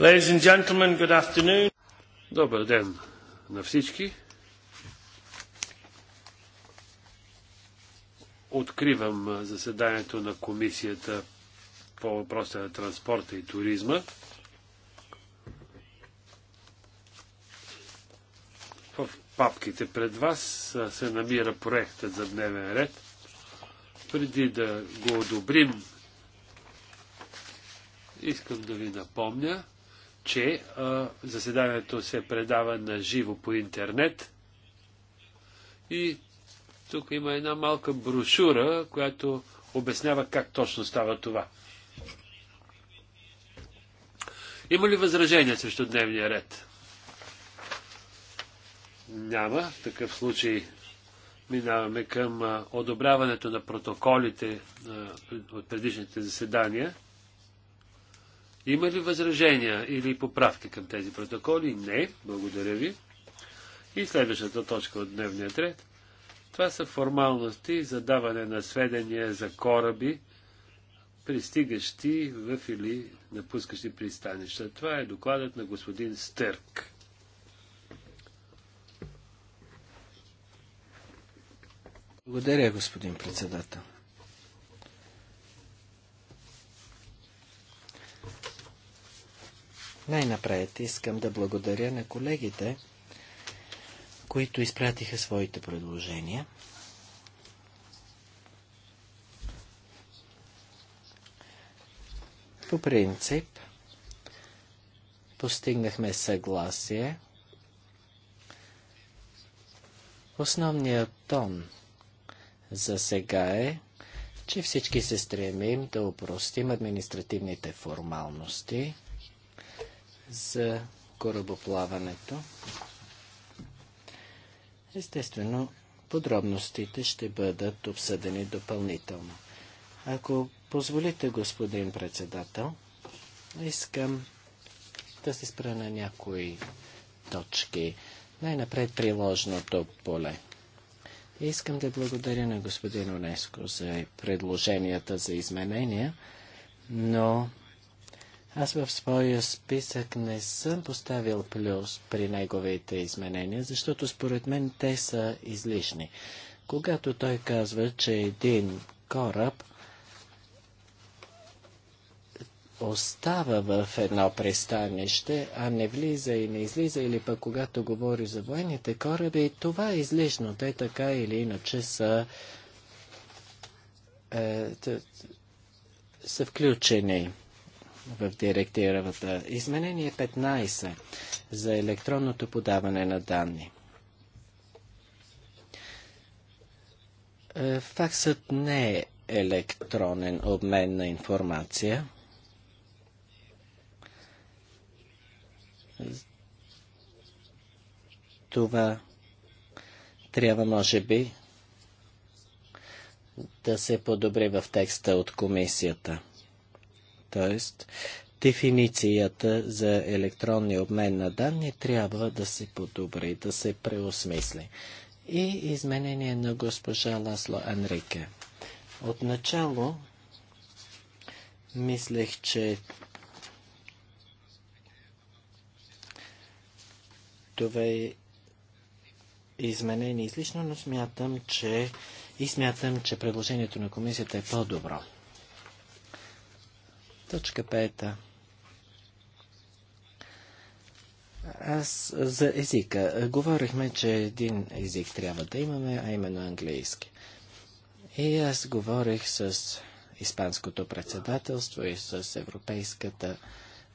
Ladies and gentlemen, good afternoon. Добър ден на всички. Откривам заседанието на Комисията по въпроса на транспорта и туризма. В папките пред вас се намира проектът за дневен ред. Преди да го одобрим, искам да ви напомня, че а, заседанието се предава на живо по интернет. И тук има една малка брошура, която обяснява как точно става това. Има ли възражения срещу дневния ред? Няма. В такъв случай минаваме към а, одобряването на протоколите а, от предишните заседания. Има ли възражения или поправки към тези протоколи? Не. Благодаря ви. И следващата точка от дневния ред. Това са формалности за даване на сведения за кораби, пристигащи в или напускащи пристанища. Това е докладът на господин Стърк. Благодаря, господин председател. Най-напред искам да благодаря на колегите, които изпратиха своите предложения. По принцип, постигнахме съгласие. Основният тон за сега е, че всички се стремим да упростим административните формалности – за корабоплаването. Естествено, подробностите ще бъдат обсъдени допълнително. Ако позволите, господин председател, искам да се спра на някои точки. Най-напред приложното поле. Искам да благодаря на господин Унеско за предложенията за изменения, но аз в своя списък не съм поставил плюс при неговите изменения, защото според мен те са излишни. Когато той казва, че един кораб остава в едно пристанище, а не влиза и не излиза, или пък когато говори за военните кораби, това е излишно. Те така или иначе са, е, са включени в директивата. Изменение 15 за електронното подаване на данни. Е, факсът не е електронен обмен на информация. Това трябва, може би, да се подобри в текста от комисията т.е. дефиницията за електронния обмен на данни трябва да се подобри, да се преосмисли. И изменение на госпожа Ласло Анрике. Отначало мислех, че това е изменение излишно, но смятам, че и смятам, че предложението на комисията е по-добро. Точка пета. Аз за езика. Говорихме, че един език трябва да имаме, а именно английски. И аз говорих с Испанското председателство и с Европейската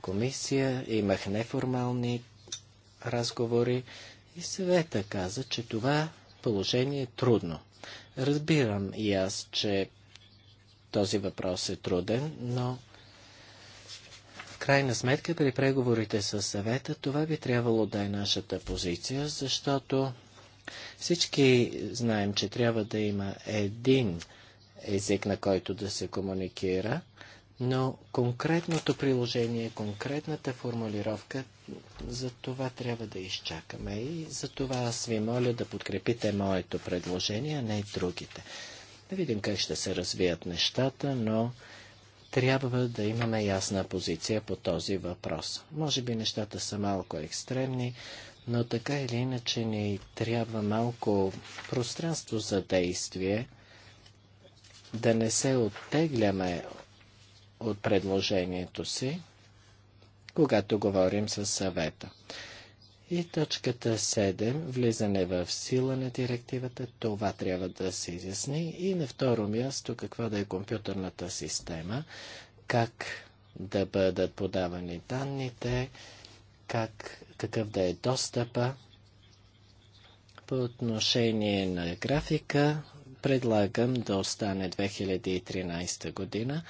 комисия. Имах неформални разговори и съвета каза, че това положение е трудно. Разбирам и аз, че този въпрос е труден, но крайна сметка при преговорите с съвета това би трябвало да е нашата позиция, защото всички знаем, че трябва да има един език, на който да се комуникира, но конкретното приложение, конкретната формулировка, за това трябва да изчакаме и за това аз ви моля да подкрепите моето предложение, а не и другите. Да видим как ще се развият нещата, но трябва да имаме ясна позиция по този въпрос. Може би нещата са малко екстремни, но така или иначе ни трябва малко пространство за действие, да не се оттегляме от предложението си, когато говорим с съвета. И точката 7, влизане в сила на директивата, това трябва да се изясни. И на второ място, каква да е компютърната система, как да бъдат подавани данните, как, какъв да е достъпа. По отношение на графика, предлагам да остане 2013 година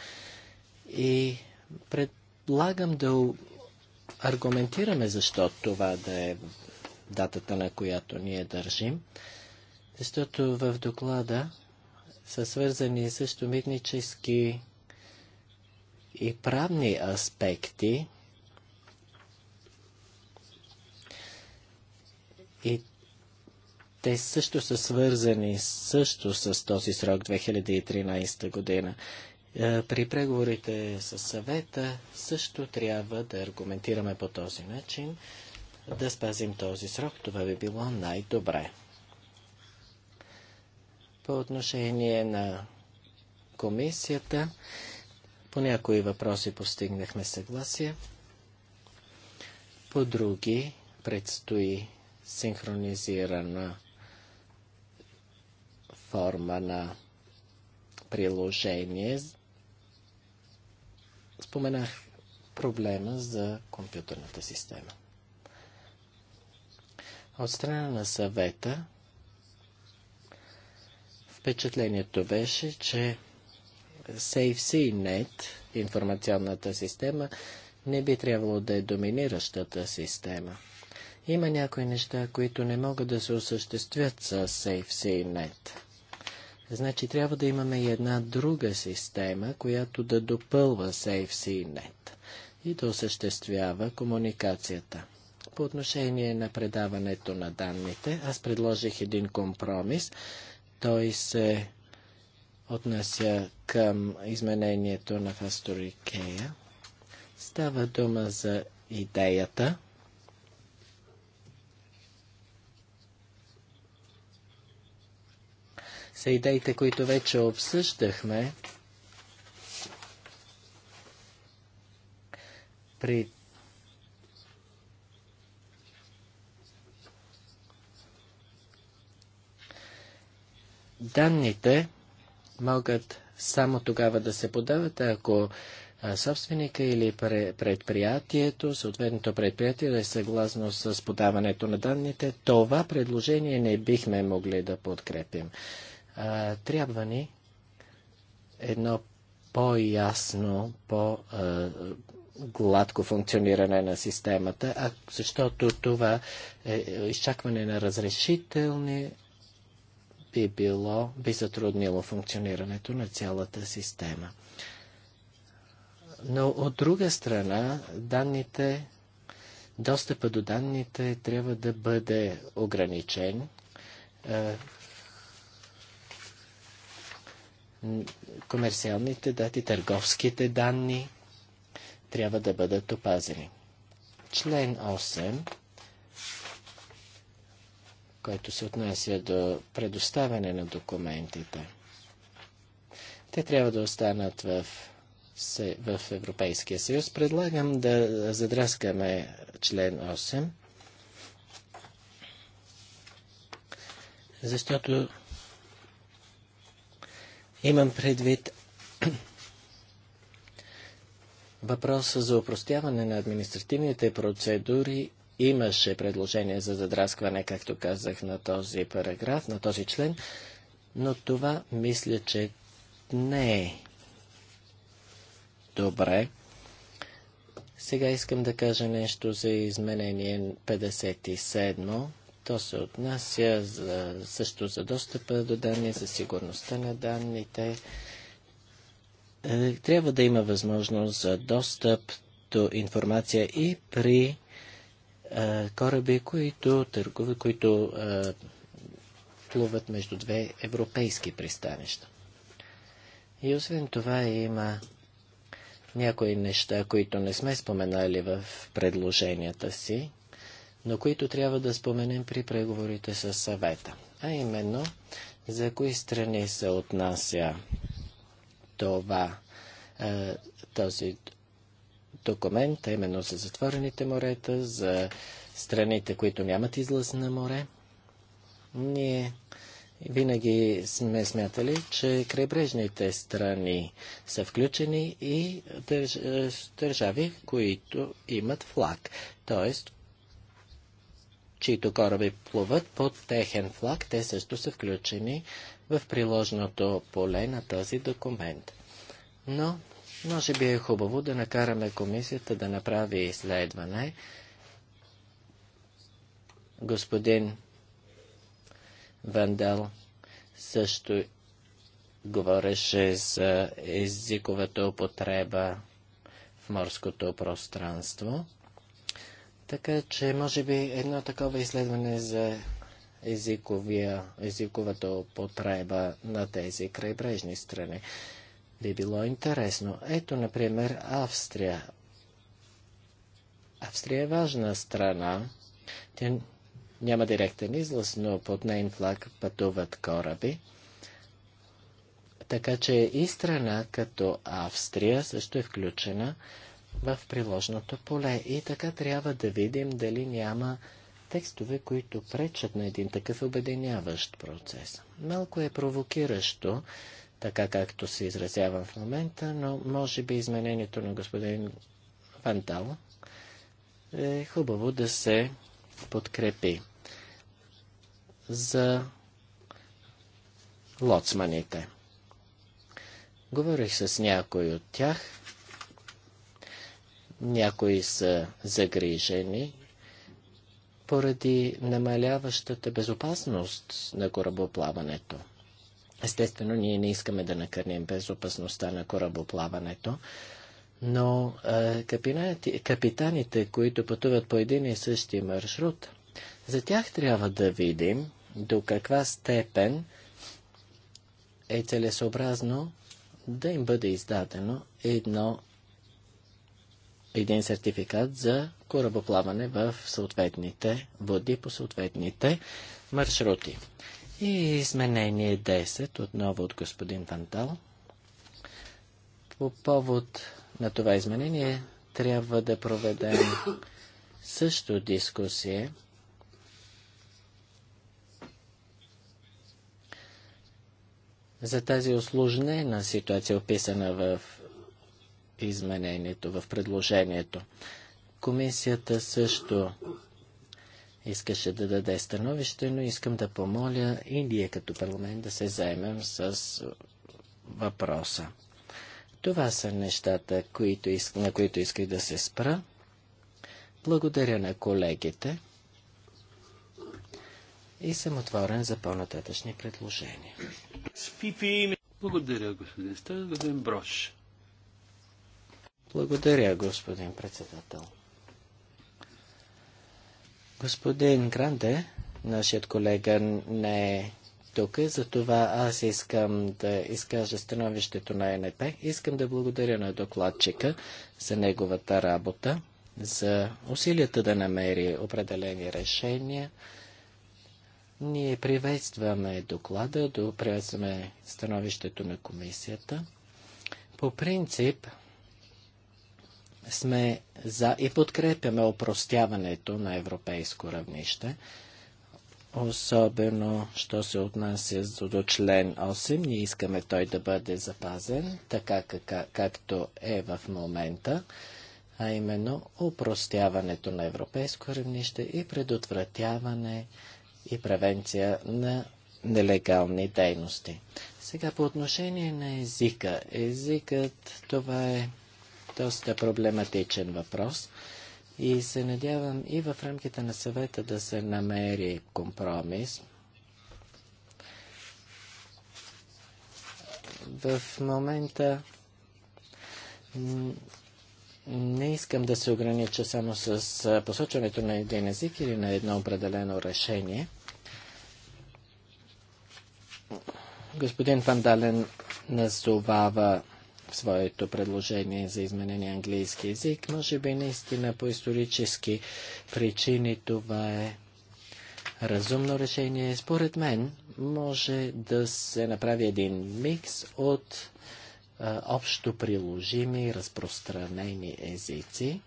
и предлагам да аргументираме защо това да е датата, на която ние държим, защото в доклада са свързани също митнически и правни аспекти и те също са свързани също с този срок 2013 година. Е, при преговорите с съвета също трябва да аргументираме по този начин, да спазим този срок. Това би било най-добре. По отношение на комисията, по някои въпроси постигнахме съгласие, по други предстои синхронизирана форма на приложение Споменах проблема за компютърната система. От страна на съвета впечатлението беше, че SafeCNet, информационната система, не би трябвало да е доминиращата система. Има някои неща, които не могат да се осъществят с SafeCNet. Значи трябва да имаме и една друга система, която да допълва SafeCNet и да осъществява комуникацията. По отношение на предаването на данните, аз предложих един компромис. Той се отнася към изменението на Фасторикея. Става дума за идеята са идеите, които вече обсъждахме при Данните могат само тогава да се подават, ако собственика или предприятието, съответното предприятие да е съгласно с подаването на данните, това предложение не бихме могли да подкрепим. Трябва ни едно по-ясно, по-гладко функциониране на системата, а защото това е, изчакване на разрешителни би било, би затруднило функционирането на цялата система. Но от друга страна, данните, достъпа до данните трябва да бъде ограничен комерциалните дати, търговските данни трябва да бъдат опазени. Член 8, който се отнася до предоставяне на документите. Те трябва да останат в, в Европейския съюз. Предлагам да задръскаме член 8, защото Имам предвид въпроса за упростяване на административните процедури имаше предложение за задраскване, както казах, на този параграф, на този член, но това мисля, че не е добре. Сега искам да кажа нещо за изменение 57 то се отнася за, също за достъпа до данни, за сигурността на данните. Е, трябва да има възможност за достъп до информация и при а, е, кораби, които търгуват, които а, е, плуват между две европейски пристанища. И освен това има някои неща, които не сме споменали в предложенията си но които трябва да споменем при преговорите с съвета. А именно, за кои страни се отнася това, е, този документ, а именно за затворените морета, за страните, които нямат излъз на море. Ние винаги сме смятали, че крайбрежните страни са включени и е, държави, които имат флаг, т.е чието кораби плуват под техен флаг, те също са включени в приложното поле на този документ. Но, може би е хубаво да накараме комисията да направи изследване. Господин Вандал също говореше за езиковата употреба в морското пространство. Така че, може би, едно такова изследване за езиковия, езиковата употреба на тези крайбрежни страни би било интересно. Ето, например, Австрия. Австрия е важна страна. Тя няма директен излъз, но под нейн флаг пътуват кораби. Така че и страна като Австрия също е включена в приложното поле. И така трябва да видим дали няма текстове, които пречат на един такъв обединяващ процес. Малко е провокиращо, така както се изразявам в момента, но може би изменението на господин Вантал е хубаво да се подкрепи за лоцманите. Говорих с някой от тях някои са загрижени поради намаляващата безопасност на корабоплаването. Естествено, ние не искаме да накърним безопасността на корабоплаването, но капитаните, капитаните, които пътуват по един и същи маршрут, за тях трябва да видим до каква степен е целесообразно да им бъде издадено едно един сертификат за корабоплаване в съответните води по съответните маршрути. И изменение 10, отново от господин Вантал. По повод на това изменение трябва да проведем също дискусия. за тази осложнена ситуация, описана в изменението, в предложението. Комисията също искаше да даде становище, но искам да помоля и ние като парламент да се займем с въпроса. Това са нещата, които на които исках да се спра. Благодаря на колегите и съм отворен за по-нататъчни предложения. Благодаря, господин Стан, господин Брош. Благодаря, господин председател. Господин Гранде, нашият колега не е тук, затова аз искам да изкажа становището на НП. Искам да благодаря на докладчика за неговата работа, за усилията да намери определени решения. Ние приветстваме доклада, приветстваме становището на комисията. По принцип, сме за и подкрепяме опростяването на европейско равнище, особено, що се отнася до член 8. Ние искаме той да бъде запазен, така как, както е в момента, а именно опростяването на европейско равнище и предотвратяване и превенция на нелегални дейности. Сега по отношение на езика. Езикът това е доста проблематичен въпрос и се надявам и в рамките на съвета да се намери компромис. В момента не искам да се огранича само с посочването на един език или на едно определено решение. Господин Фандален назовава в своето предложение за изменение английски язик. Може би наистина по исторически причини това е разумно решение. Според мен може да се направи един микс от а, общо приложими разпространени езици.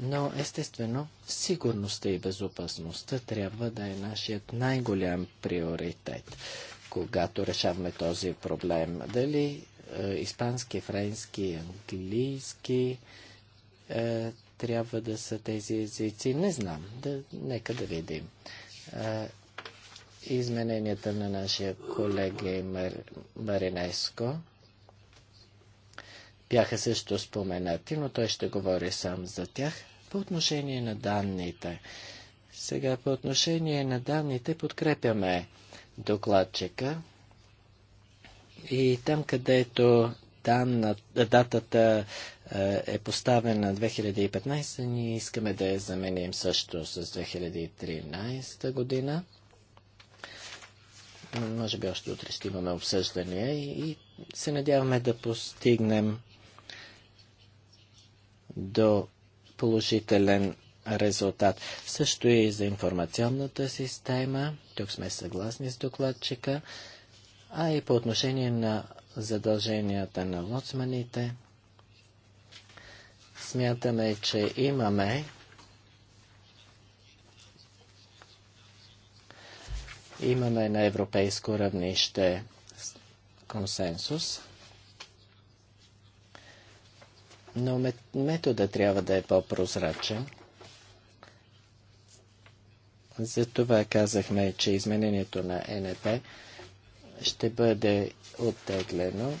Но естествено, сигурността и безопасността трябва да е нашият най-голям приоритет, когато решаваме този проблем. Дали е, испански, френски, английски е, трябва да са тези езици. Не знам. Да, нека да видим. Е, измененията на нашия колега Мар... Маринеско бяха също споменати, но той ще говори сам за тях. По отношение на данните. Сега по отношение на данните подкрепяме докладчика. И там, където данна, датата е, е поставена 2015, ние искаме да я заменим също с 2013 година. Може би още утре ще имаме обсъждания и, и се надяваме да постигнем до положителен резултат. Също и за информационната система. Тук сме съгласни с докладчика а и по отношение на задълженията на лоцманите. Смятаме, че имаме имаме на европейско равнище консенсус, но метода трябва да е по-прозрачен. Затова казахме, че изменението на НП ще бъде оттеглено,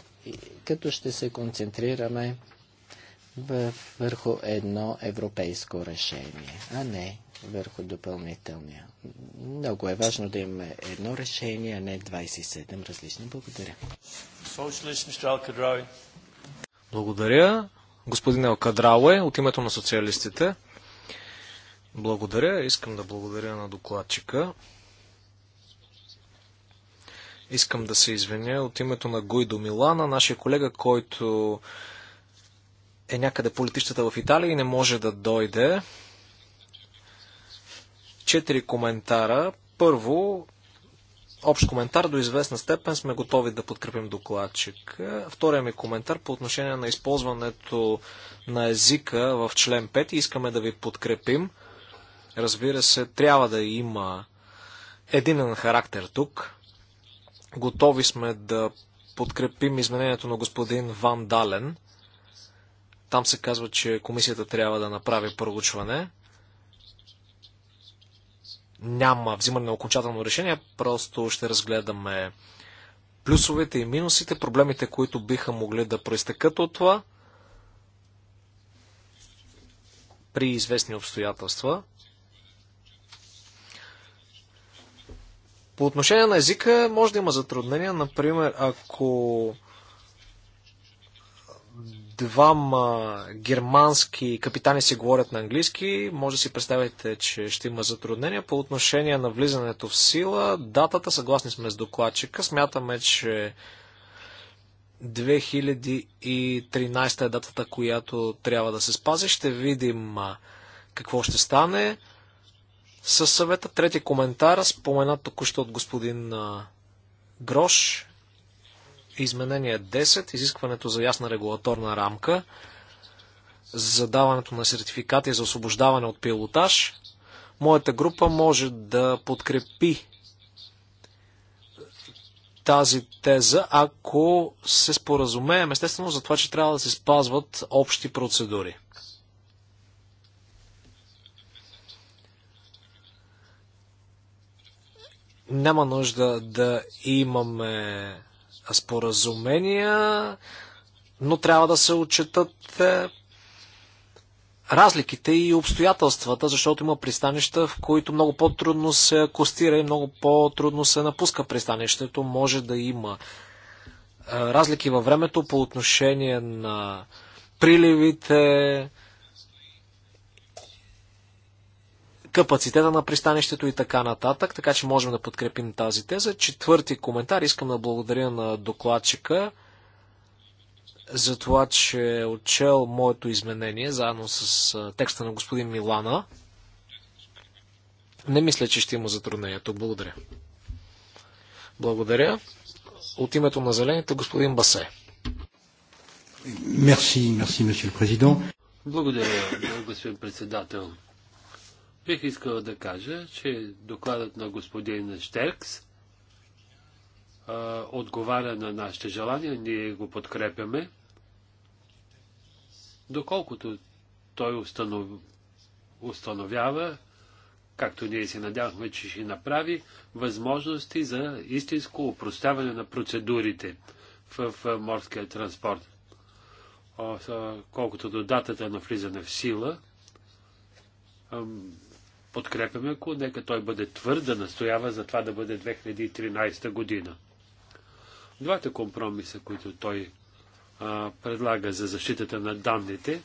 като ще се концентрираме върху едно европейско решение, а не върху допълнителния. Много е важно да имаме едно решение, а не 27 различни. Благодаря. Благодаря. Господин Елкадрауе, от името на социалистите. Благодаря. Искам да благодаря на докладчика. Искам да се извиня от името на Гуйдо Милана, нашия колега, който е някъде по летищата в Италия и не може да дойде. Четири коментара. Първо, общ коментар до известна степен сме готови да подкрепим докладчик. Втория ми коментар по отношение на използването на езика в член 5 искаме да ви подкрепим. Разбира се, трябва да има единен характер тук. Готови сме да подкрепим изменението на господин Ван Дален. Там се казва, че комисията трябва да направи проучване. Няма взимане на окончателно решение, просто ще разгледаме плюсовете и минусите, проблемите, които биха могли да проистекат от това при известни обстоятелства. По отношение на езика може да има затруднения. Например, ако двама германски капитани си говорят на английски, може да си представите, че ще има затруднения. По отношение на влизането в сила, датата, съгласни сме с докладчика, смятаме, че 2013 е датата, която трябва да се спази. Ще видим какво ще стане със съвета. Трети коментар, споменат току-що от господин Грош. Изменение 10, изискването за ясна регулаторна рамка, за даването на сертификати за освобождаване от пилотаж. Моята група може да подкрепи тази теза, ако се споразумеем, естествено, за това, че трябва да се спазват общи процедури. Няма нужда да имаме споразумения, но трябва да се отчитат е, разликите и обстоятелствата, защото има пристанища, в които много по-трудно се костира и много по-трудно се напуска пристанището. Може да има е, разлики във времето по отношение на приливите, капацитета на пристанището и така нататък, така че можем да подкрепим тази теза. Четвърти коментар, искам да благодаря на докладчика за това, че е отчел моето изменение, заедно с текста на господин Милана. Не мисля, че ще има затруднение тук. Благодаря. Благодаря. От името на зелените, господин Басе. Мерси, мерси, месье президент. Благодаря, господин председател. Бих искал да кажа, че докладът на господин Штеркс а, отговаря на нашите желания, ние го подкрепяме. Доколкото той установ... установява, както ние се надявахме, че ще направи, възможности за истинско упростяване на процедурите в, в морския транспорт. колкото до датата на влизане в сила, подкрепяме, ако нека той бъде твърда, настоява за това да бъде 2013 година. Двата компромиса, които той а, предлага за защитата на данните,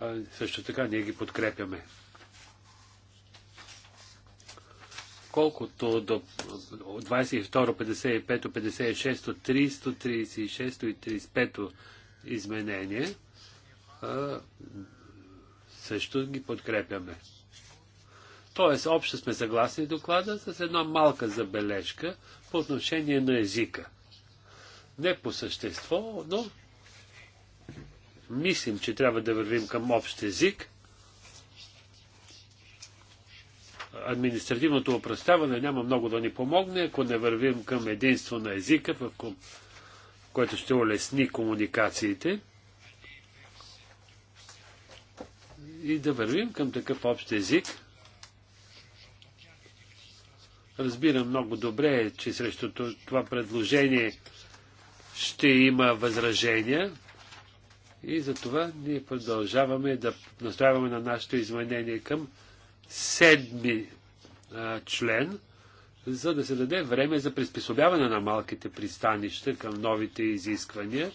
а, също така ние ги подкрепяме. Колкото до 22, 55, 56, 336 и 35 изменение, а, също ги подкрепяме. Тоест, общо сме съгласни доклада с една малка забележка по отношение на езика. Не по същество, но мислим, че трябва да вървим към общ език. Административното опростяване няма много да ни помогне, ако не вървим към единство на езика, в което ще улесни комуникациите. И да вървим към такъв общ език – Разбирам много добре, че срещу това предложение ще има възражения и затова ние продължаваме да настояваме на нашето изменение към седми а, член, за да се даде време за приспособяване на малките пристанища към новите изисквания,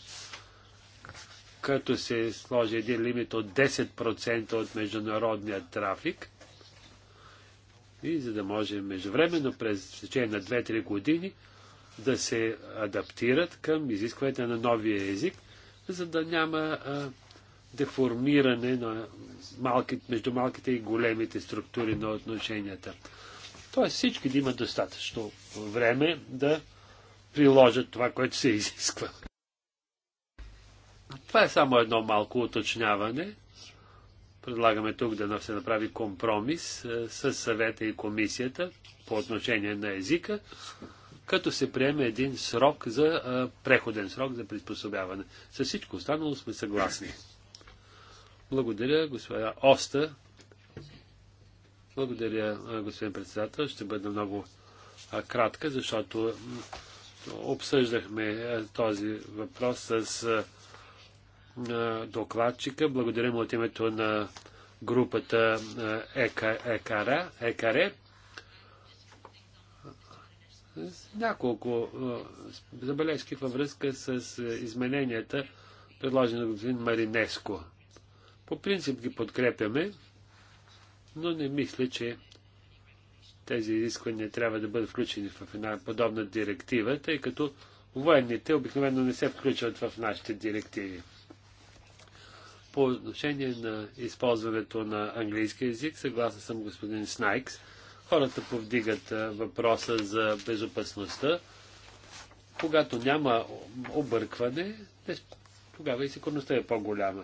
като се сложи един лимит от 10% от международния трафик – и за да може междувременно през течение на 2-3 години да се адаптират към изискването на новия език, за да няма а, деформиране на малки, между малките и големите структури на отношенията. Тоест всички да имат достатъчно време да приложат това, което се изисква. Това е само едно малко уточняване. Предлагаме тук да се направи компромис е, с съвета и комисията по отношение на езика, като се приеме един срок за е, преходен срок за приспособяване. С всичко останало сме съгласни. Благодаря, господа Оста. Благодаря, е, господин председател. Ще бъда много кратка, защото обсъждахме този въпрос с на докладчика. Благодарим от името на групата е, ЕКАРЕ. Няколко е, забележки във връзка с е, измененията, предложени от господин Маринеско. По принцип ги подкрепяме, но не мисля, че тези изисквания трябва да бъдат включени в една подобна директива, тъй като военните обикновено не се включват в нашите директиви. По отношение на използването на английски язик, съгласен съм господин Снайкс, хората повдигат въпроса за безопасността. Когато няма объркване, тогава и сигурността е по-голяма.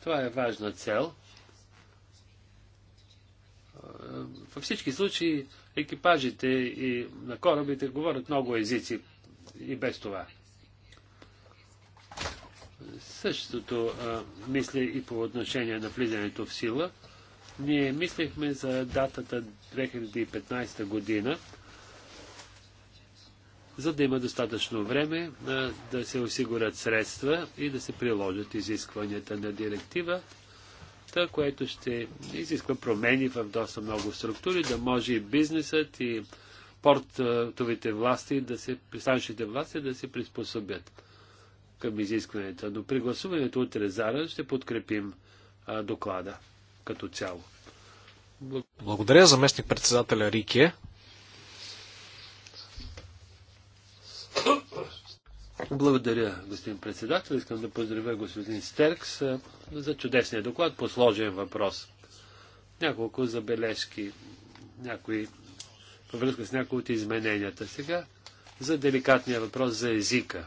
Това е важна цел. Във всички случаи екипажите и на корабите говорят много езици и без това. Същото а, мисля и по отношение на влизането в сила. Ние мислихме за датата 2015 година, за да има достатъчно време а, да се осигурят средства и да се приложат изискванията на директива, та, което ще изисква промени в доста много структури, да може и бизнесът и портовите власти, да се, пристанищите власти да се приспособят към изискванията. Но при гласуването от Резара ще подкрепим а, доклада като цяло. Благодаря заместник председателя Рике. Благодаря, господин председател. Искам да поздравя господин Стеркс за чудесния доклад по сложен въпрос. Няколко забележки, някои във връзка с някои от измененията. Сега за деликатния въпрос за езика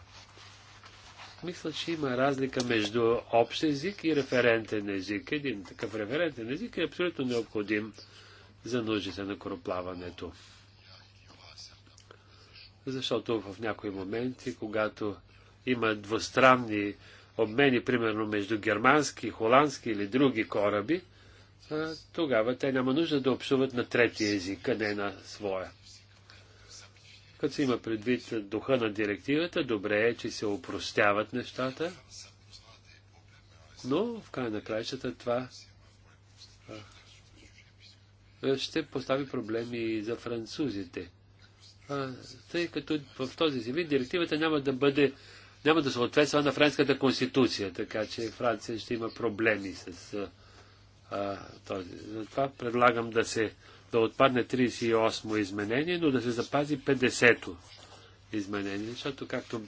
мисля, че има разлика между общ език и референтен език. Един такъв референтен език е абсолютно необходим за нуждите на короплаването. Защото в някои моменти, когато има двустранни обмени, примерно между германски, холандски или други кораби, тогава те няма нужда да общуват на трети език, а не на своя. Като се има предвид духа на директивата, добре е, че се опростяват нещата, но в край на краищата това ще постави проблеми и за французите. А, тъй като в този си вид директивата няма да бъде, няма да съответства на френската конституция, така че Франция ще има проблеми с а, този. Затова предлагам да се да отпадне 38-о изменение, но да се запази 50-то изменение, защото, както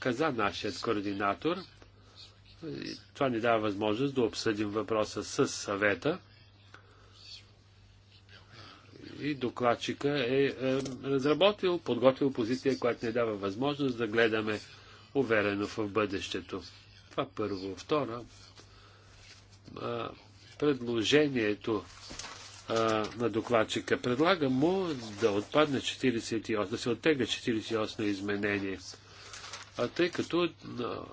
каза нашият координатор, това ни дава възможност да обсъдим въпроса с съвета и докладчика е, е разработил, подготвил позиция, която ни дава възможност да гледаме уверено в бъдещето. Това първо. Второ, предложението а, на докладчика. Предлагам му да отпадне 48, да се оттегля 48 изменение. А тъй като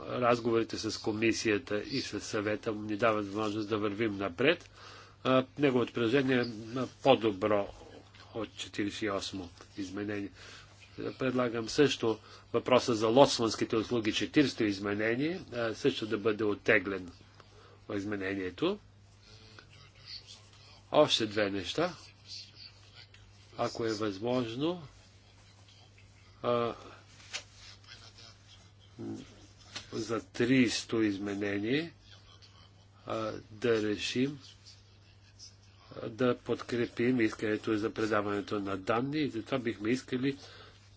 разговорите с комисията и с съвета ни дават възможност да вървим напред, а, неговото предложение е по-добро от 48 изменение. Предлагам също въпроса за лоцманските услуги 400 изменение, а, също да бъде оттеглен изменението. Още две неща. Ако е възможно, а, за 300 изменение а, да решим а, да подкрепим искането за предаването на данни и затова бихме искали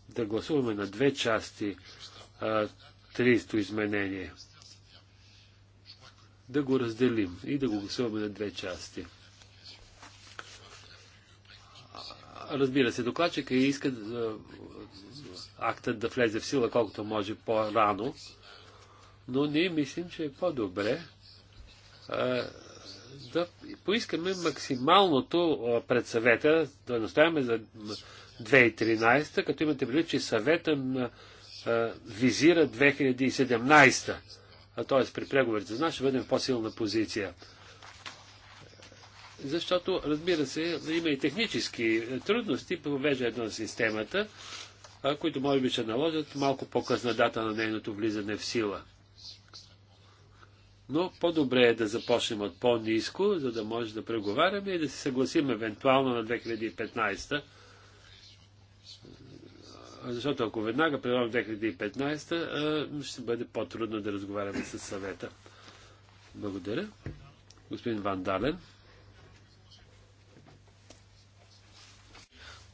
да гласуваме на две части а, 300 изменение. Да го разделим и да го гласуваме на две части. Разбира се, докладчика иска е, актът да влезе в сила колкото може по-рано, но ние мислим, че е по-добре е, да поискаме максималното е, пред съвета, да настояваме за 2013, като имате предвид, че съвета визира 2017. Т.е. при преговорите за нас ще бъдем в по-силна позиция защото, разбира се, има и технически е, трудности по въвеждането на системата, които може би ще наложат малко по-късна дата на нейното влизане в сила. Но по-добре е да започнем от по-низко, за да може да преговаряме и да се съгласим евентуално на 2015. Защото ако веднага предлагам 2015, ще бъде по-трудно да разговаряме с съвета. Благодаря. Господин Ван Дален.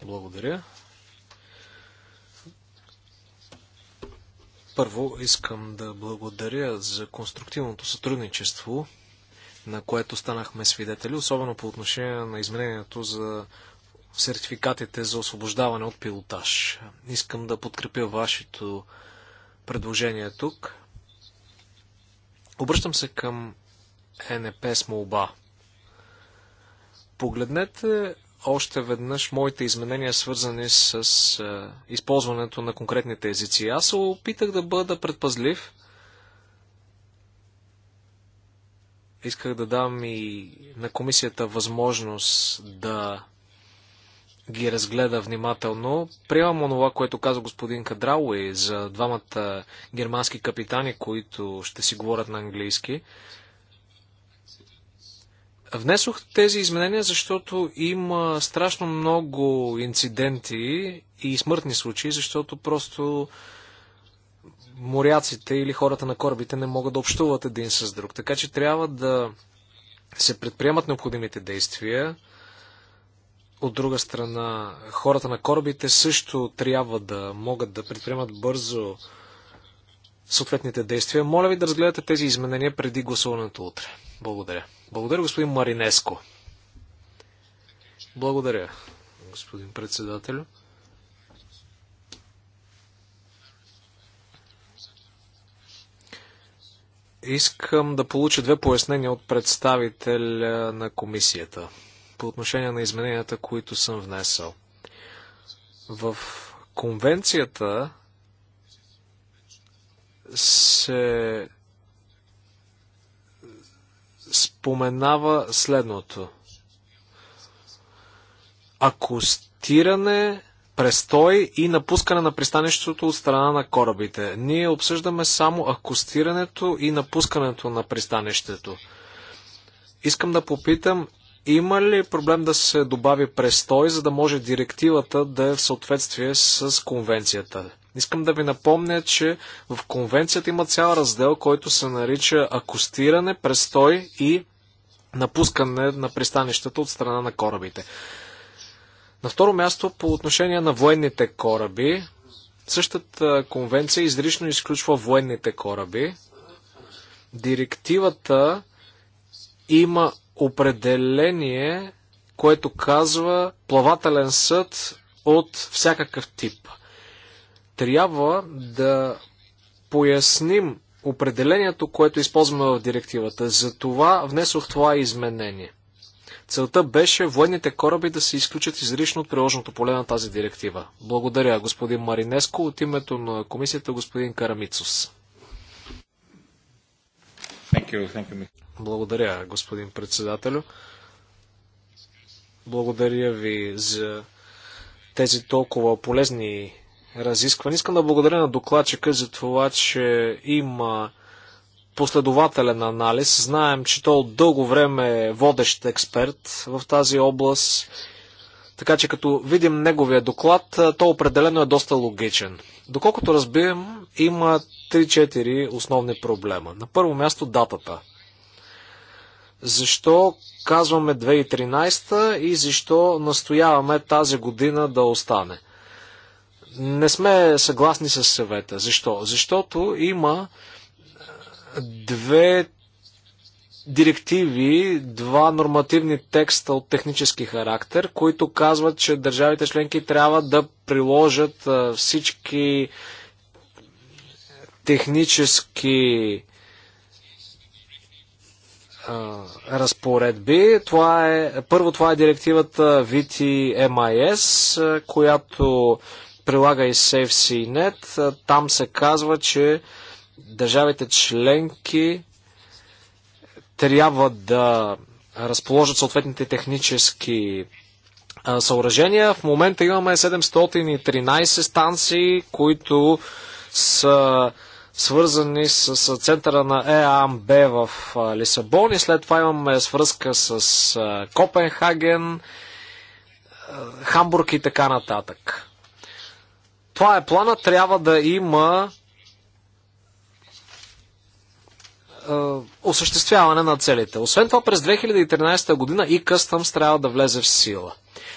Благодаря. Първо искам да благодаря за конструктивното сътрудничество, на което станахме свидетели, особено по отношение на изменението за сертификатите за освобождаване от пилотаж. Искам да подкрепя вашето предложение тук. Обръщам се към ЕНП с молба. Погледнете още веднъж моите изменения, свързани с а, е, използването на конкретните езици. Аз се опитах да бъда предпазлив. Исках да дам и на комисията възможност да ги разгледа внимателно. Приемам онова, което каза господин Кадрауи за двамата германски капитани, които ще си говорят на английски. Внесох тези изменения, защото има страшно много инциденти и смъртни случаи, защото просто моряците или хората на корабите не могат да общуват един с друг. Така че трябва да се предприемат необходимите действия. От друга страна, хората на корабите също трябва да могат да предприемат бързо съответните действия. Моля ви да разгледате тези изменения преди гласуването утре. Благодаря. Благодаря, господин Маринеско. Благодаря, господин председател. Искам да получа две пояснения от представителя на комисията по отношение на измененията, които съм внесъл. В конвенцията се споменава следното. Акустиране, престой и напускане на пристанището от страна на корабите. Ние обсъждаме само акустирането и напускането на пристанището. Искам да попитам, има ли проблем да се добави престой, за да може директивата да е в съответствие с конвенцията? Искам да ви напомня, че в конвенцията има цял раздел, който се нарича акустиране, престой и напускане на пристанищата от страна на корабите. На второ място, по отношение на военните кораби, същата конвенция изрично изключва военните кораби. Директивата има определение, което казва плавателен съд от всякакъв тип – трябва да поясним определението, което използваме в директивата. Затова внесох това изменение. Целта беше военните кораби да се изключат изрично от приложното поле на тази директива. Благодаря, господин Маринеско. От името на комисията, господин Карамицус. Thank you, thank you. Благодаря, господин председателю. Благодаря ви за тези толкова полезни разискване. Искам да благодаря на докладчика за това, че има последователен анализ. Знаем, че той от дълго време е водещ експерт в тази област. Така че като видим неговия доклад, то определено е доста логичен. Доколкото разбием, има 3-4 основни проблема. На първо място датата. Защо казваме 2013 и защо настояваме тази година да остане? Не сме съгласни с съвета. Защо? Защото има две директиви, два нормативни текста от технически характер, които казват, че държавите членки трябва да приложат всички технически разпоредби. Това е, първо това е директивата VTMIS, която прилага и SafeCNet. Там се казва, че държавите членки трябва да разположат съответните технически съоръжения. В момента имаме 713 станции, които са свързани с, центъра на ЕАМБ в Лисабон и след това имаме свръзка с Копенхаген, Хамбург и така нататък. Това е плана. Трябва да има е, осъществяване на целите. Освен това, през 2013 година и Customs трябва да влезе в сила.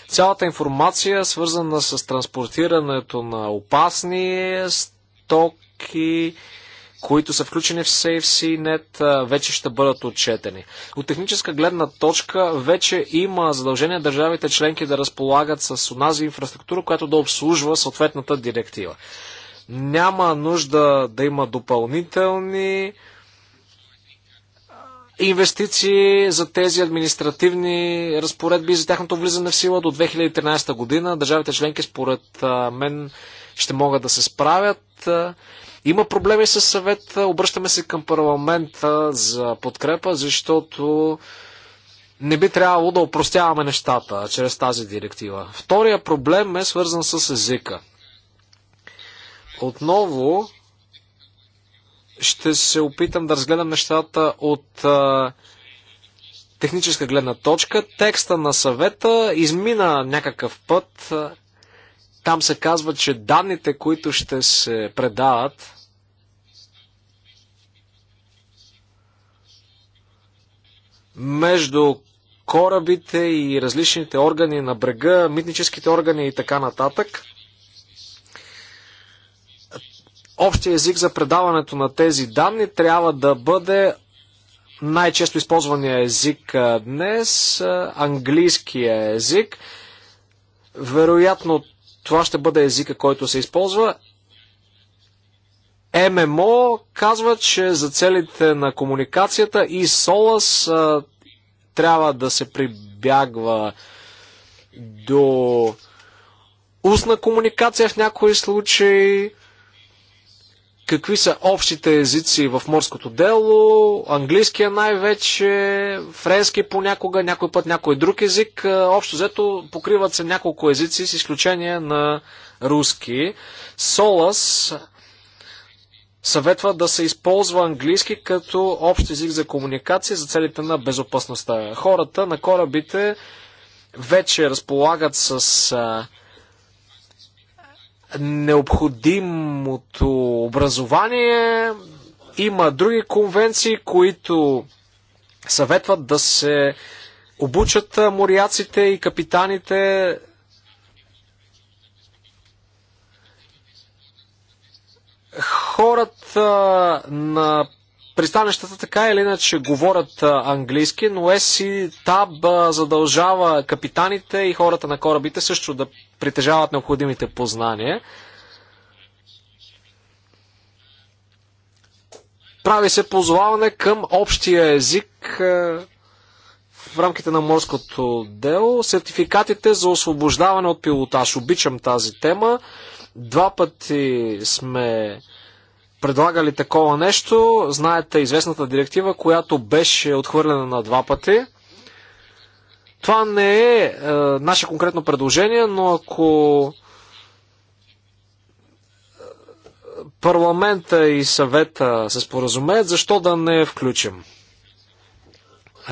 Цялата информация, свързана с транспортирането на опасни стоки, които са включени в SafeCNet, вече ще бъдат отчетени. От техническа гледна точка вече има задължение държавите членки да разполагат с онази инфраструктура, която да обслужва съответната директива. Няма нужда да има допълнителни инвестиции за тези административни разпоредби за тяхното влизане в сила до 2013 година. Държавите членки според мен ще могат да се справят. Има проблеми с съвета, обръщаме се към парламента за подкрепа, защото не би трябвало да опростяваме нещата чрез тази директива. Втория проблем е свързан с езика. Отново ще се опитам да разгледам нещата от а, техническа гледна точка. Текста на съвета измина някакъв път. Там се казва, че данните, които ще се предават, между корабите и различните органи на брега, митническите органи и така нататък. Общия език за предаването на тези данни трябва да бъде най-често използвания език днес, английския език. Вероятно това ще бъде езика, който се използва. ММО казва, че за целите на комуникацията и СОЛАС а, трябва да се прибягва до устна комуникация в някои случаи, какви са общите езици в морското дело, английския е най-вече, френски понякога, някой път някой друг език. Е, общо взето покриват се няколко езици с изключение на руски. Солас съветва да се използва английски като общ език за комуникация за целите на безопасността. Хората на корабите вече разполагат с е, необходимото образование. Има други конвенции, които съветват да се обучат моряците и капитаните хората на пристанищата така или иначе говорят английски, но ЕСИ ТАБ задължава капитаните и хората на корабите също да притежават необходимите познания. Прави се позоваване към общия език е, в рамките на морското дело. Сертификатите за освобождаване от пилотаж. Обичам тази тема. Два пъти сме предлагали такова нещо. Знаете известната директива, която беше отхвърлена на два пъти. Това не е, е наше конкретно предложение, но ако парламента и съвета се споразумеят, защо да не включим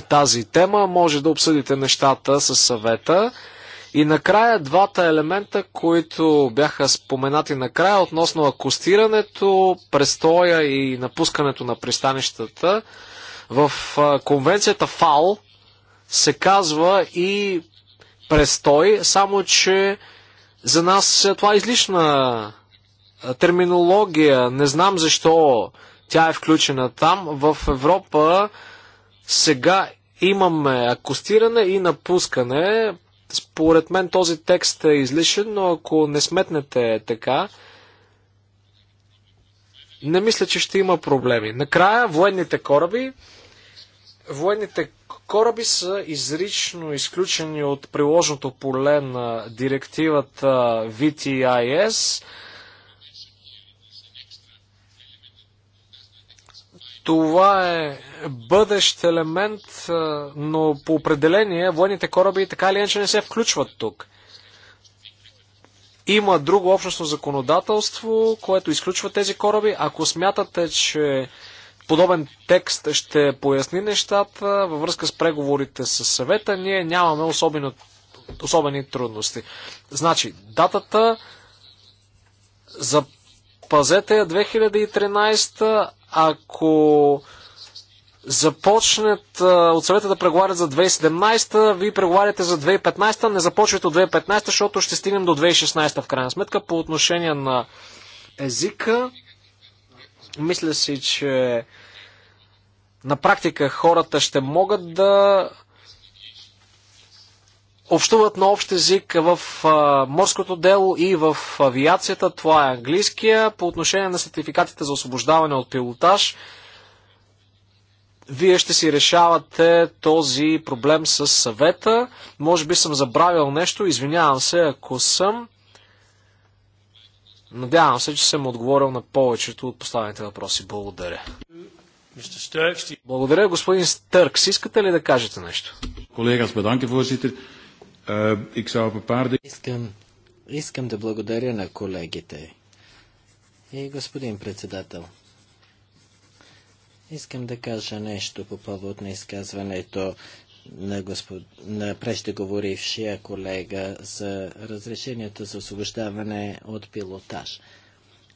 тази тема? Може да обсъдите нещата с съвета. И накрая двата елемента, които бяха споменати накрая относно акустирането, престоя и напускането на пристанищата. В конвенцията ФАЛ, се казва и престой, само че за нас това е излишна терминология. Не знам защо тя е включена там. В Европа сега имаме акустиране и напускане. Според мен този текст е излишен, но ако не сметнете така, не мисля, че ще има проблеми. Накрая, военните кораби. Военните кораби са изрично изключени от приложното поле на директивата VTIS. Това е бъдещ елемент, но по определение военните кораби така или иначе не се включват тук. Има друго общностно законодателство, което изключва тези кораби. Ако смятате, че подобен текст ще поясни нещата във връзка с преговорите с съвета. Ние нямаме особено, особени трудности. Значи, датата запазете я 2013, ако започнат от съвета да преговарят за 2017, вие преговаряте за 2015, не започвайте от 2015, защото ще стигнем до 2016 в крайна сметка по отношение на езика. Мисля си, че на практика хората ще могат да общуват на общ език в морското дело и в авиацията. Това е английския. По отношение на сертификатите за освобождаване от пилотаж, вие ще си решавате този проблем с съвета. Може би съм забравил нещо, извинявам се, ако съм. Надявам се, че съм отговорил на повечето от поставените въпроси. Благодаря. Благодаря, господин Стъркс. Искате ли да кажете нещо? Колега, bedanken, voorzitter. Искам, искам да благодаря на колегите. И господин председател, искам да кажа нещо по повод на изказването на, господ... на преждеговорившия колега за разрешението за освобождаване от пилотаж.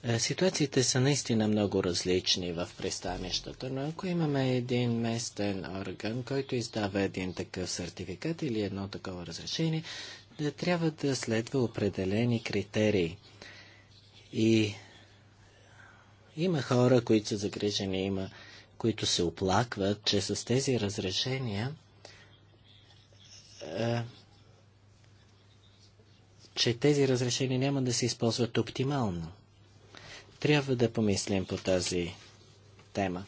Е, ситуациите са наистина много различни в пристанищата, но ако имаме един местен орган, който издава един такъв сертификат или едно такова разрешение, да е, трябва да следва определени критерии. И има хора, които са загрижени, има, които се оплакват, че с тези разрешения е, че тези разрешения няма да се използват оптимално. Трябва да помислим по тази тема.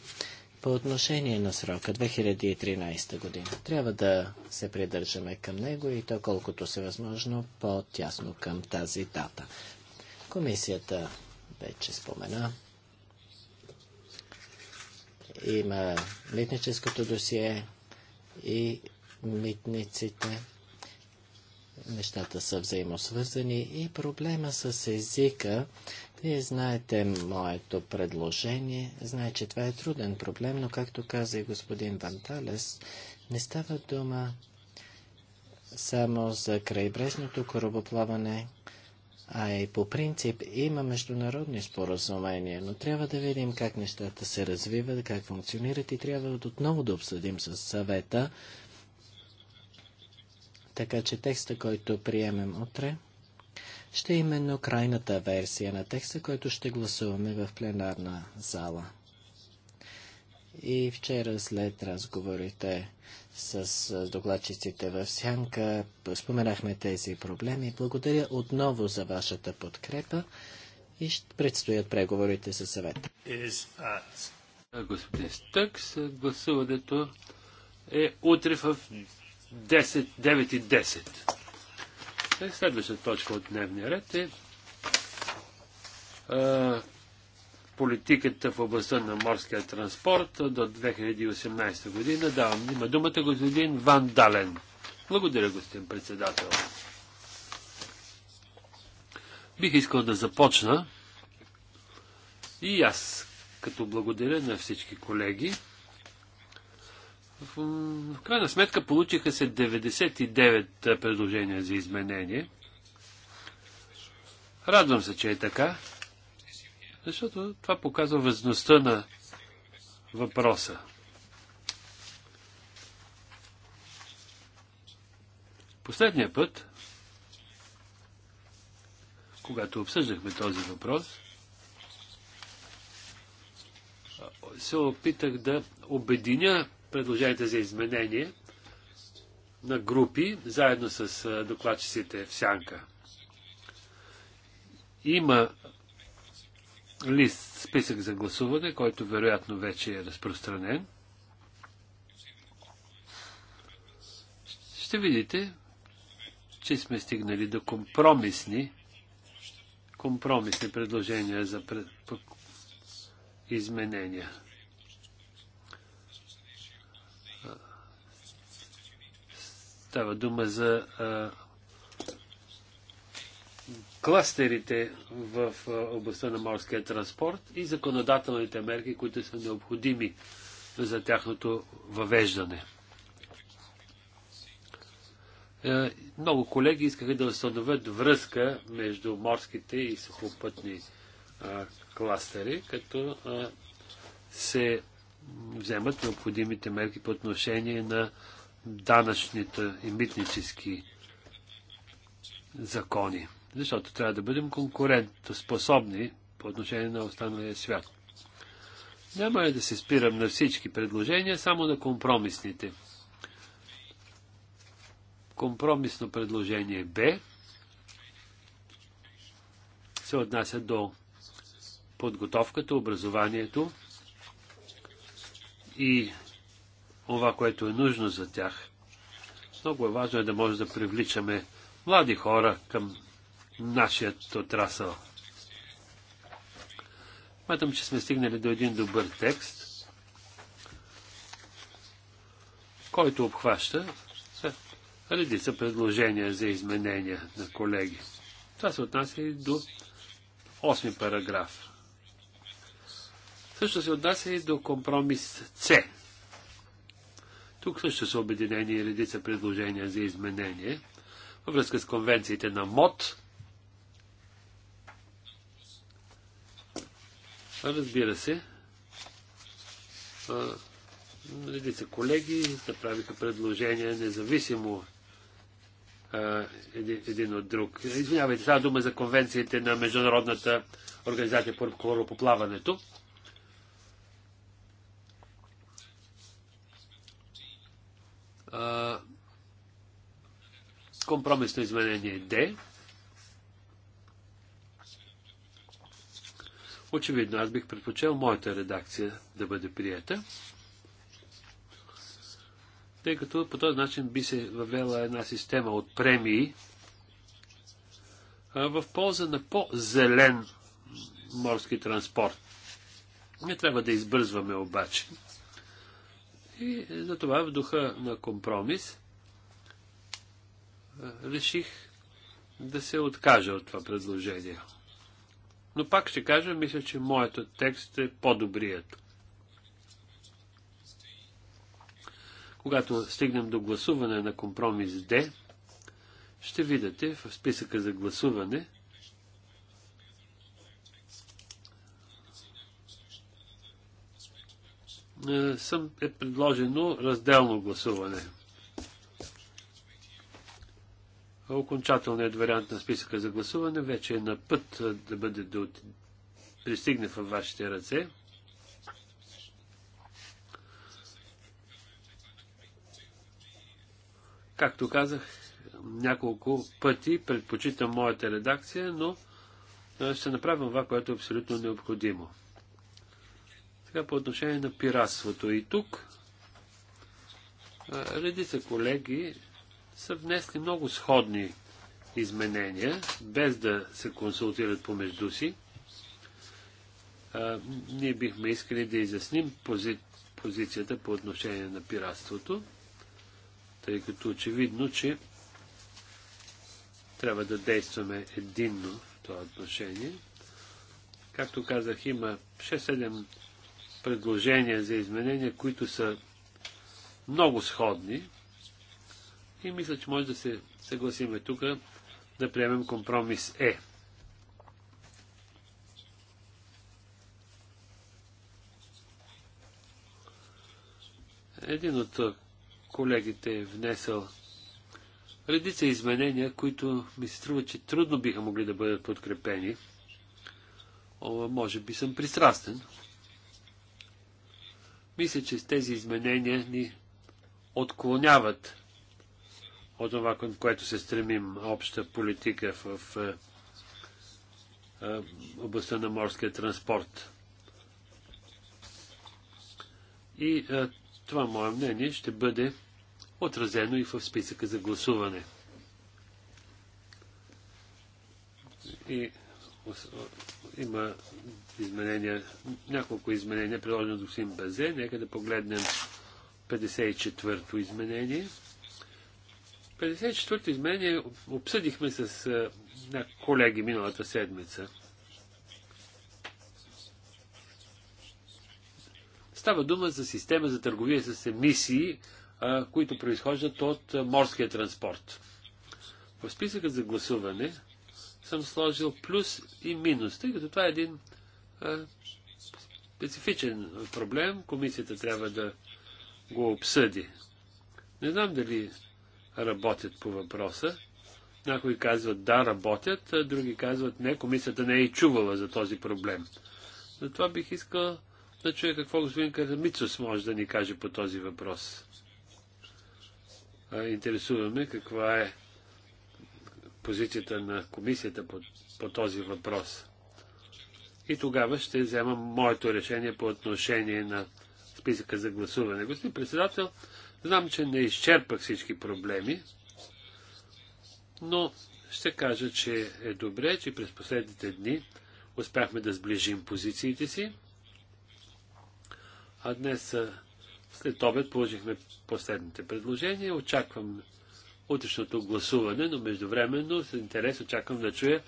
По отношение на срока 2013 година, трябва да се придържаме към него и то колкото се възможно по-тясно към тази дата. Комисията вече спомена. Има митническото досие и митниците нещата са взаимосвързани и проблема с езика. Вие знаете моето предложение, знае, че това е труден проблем, но както каза и господин Ванталес, не става дума само за крайбрежното корабоплаване, а и по принцип има международни споразумения, но трябва да видим как нещата се развиват, как функционират и трябва отново да обсъдим с съвета така че текста, който приемем утре, ще е именно крайната версия на текста, който ще гласуваме в пленарна зала. И вчера след разговорите с докладчиците в Сянка споменахме тези проблеми. Благодаря отново за вашата подкрепа и ще предстоят преговорите със съвета. Господин Стъкс, гласуването е утре в 9 и 10. Е, следващата точка от дневния ред е политиката в областта на морския транспорт до 2018 година. Давам има думата господин Ван Дален. Благодаря, господин председател. Бих искал да започна и аз, като благодаря на всички колеги, в, в крайна сметка получиха се 99 предложения за изменение. Радвам се, че е така, защото това показва възможността на въпроса. Последния път, когато обсъждахме този въпрос, се опитах да обединя предложенията за изменение на групи, заедно с докладчиците в Сянка. Има лист, списък за гласуване, който вероятно вече е разпространен. Ще видите, че сме стигнали до компромисни компромисни предложения за пред... изменения. Става дума за а, кластерите в а, областта на морския транспорт и законодателните мерки, които са необходими за тяхното въвеждане. А, е, много колеги искаха да установят връзка между морските и сухопътни а, кластери, като а, се вземат необходимите мерки по отношение на данъчните и митнически закони, защото трябва да бъдем конкурентоспособни по отношение на останалия свят. Няма ли да се спирам на всички предложения, само на компромисните. Компромисно предложение Б се отнася до подготовката, образованието и това, което е нужно за тях. Много е важно е да може да привличаме млади хора към нашият отрасъл. Смятам, че сме стигнали до един добър текст, който обхваща редица предложения за изменения на колеги. Това се отнася и до 8 параграф. Също се отнася и до компромис С. Тук също са обединени редица предложения за изменение във връзка с конвенциите на МОД. Разбира се, редица колеги направиха предложения независимо един, един от друг. Извинявайте, става дума за конвенциите на Международната организация по корабоплаването. компромисно изменение Д. Очевидно, аз бих предпочел моята редакция да бъде приета, тъй като по този начин би се въвела една система от премии а, в полза на по-зелен морски транспорт. Не трябва да избързваме обаче. И затова в духа на компромис е, реших да се откажа от това предложение. Но пак ще кажа, мисля, че моето текст е по-добрият. Когато стигнем до гласуване на компромис Д, ще видите в списъка за гласуване – Е, съм, е предложено разделно гласуване. Окончателният вариант на списъка за гласуване вече е на път е, да бъде да от... пристигне във вашите ръце. Както казах, няколко пъти предпочитам моята редакция, но е, ще направим това, което е абсолютно необходимо. Сега по отношение на пиратството и тук редица колеги са внесли много сходни изменения, без да се консултират помежду си. ние бихме искали да изясним пози... позицията по отношение на пиратството, тъй като очевидно, че трябва да действаме единно в това отношение. Както казах, има 6-7 предложения за изменения, които са много сходни и мисля, че може да се съгласиме тук да приемем компромис Е. Един от колегите е внесъл редица изменения, които ми се струва, че трудно биха могли да бъдат подкрепени. О, може би съм пристрастен. Мисля, че с тези изменения ни отклоняват от това, към което се стремим обща политика в, е, е, областта на морския транспорт. И е, това мое мнение ще бъде отразено и в списъка за гласуване. И има изменения, няколко изменения, приложено до Сим Базе. Нека да погледнем 54-то изменение. 54-то изменение обсъдихме с колеги миналата седмица. Става дума за система за търговия с емисии, които произхождат от морския транспорт. В списъка за гласуване съм сложил плюс и минус, тъй като това е един а, специфичен проблем. Комисията трябва да го обсъди. Не знам дали работят по въпроса. Някои казват да, работят, а други казват не, комисията не е и чувала за този проблем. Затова бих искал да чуя какво господин Карамицус може да ни каже по този въпрос. А, интересуваме каква е позицията на комисията по, по този въпрос. И тогава ще взема моето решение по отношение на списъка за гласуване. Господин председател, знам, че не изчерпах всички проблеми, но ще кажа, че е добре, че през последните дни успяхме да сближим позициите си. А днес след обед положихме последните предложения. Очаквам утрешното гласуване, но междувременно с интерес очаквам да чуя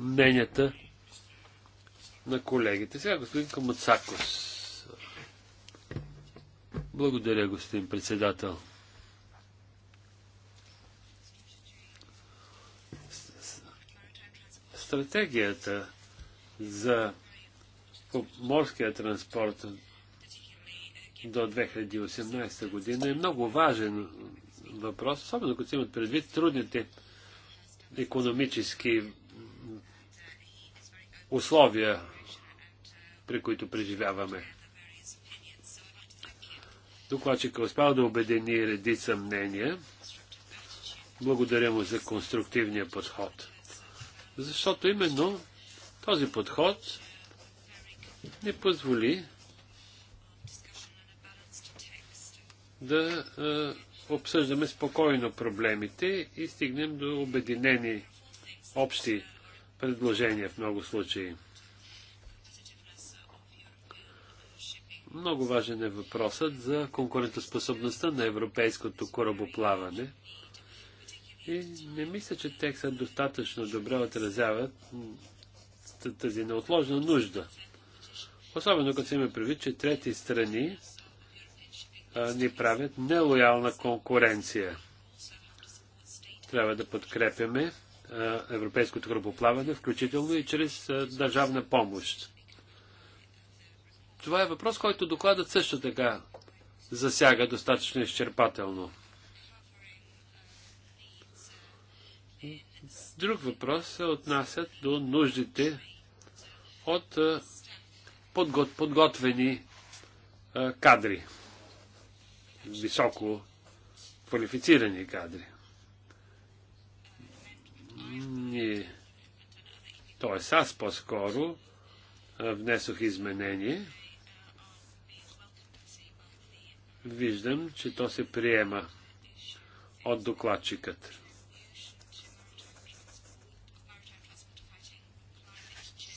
мненията на колегите. Сега господин Камоцакос. Благодаря, господин председател. Стратегията за морския транспорт до 2018 година е много важен въпрос, особено като имат предвид трудните економически условия, при които преживяваме. Докладчика е успял да обедини редица мнения. Благодаря му за конструктивния подход. Защото именно този подход ни позволи да обсъждаме спокойно проблемите и стигнем до обединени общи предложения в много случаи. Много важен е въпросът за конкурентоспособността на европейското корабоплаване. И не мисля, че текстът достатъчно добре отразява тази неотложна нужда. Особено като се има предвид, че трети страни ни правят нелоялна конкуренция. Трябва да подкрепяме европейското кръвоплаване, включително и чрез държавна помощ. Това е въпрос, който докладът също така засяга достатъчно изчерпателно. Друг въпрос се отнася до нуждите от подготвени кадри високо квалифицирани кадри. И, тоест аз по-скоро внесох изменение. Виждам, че то се приема от докладчикът.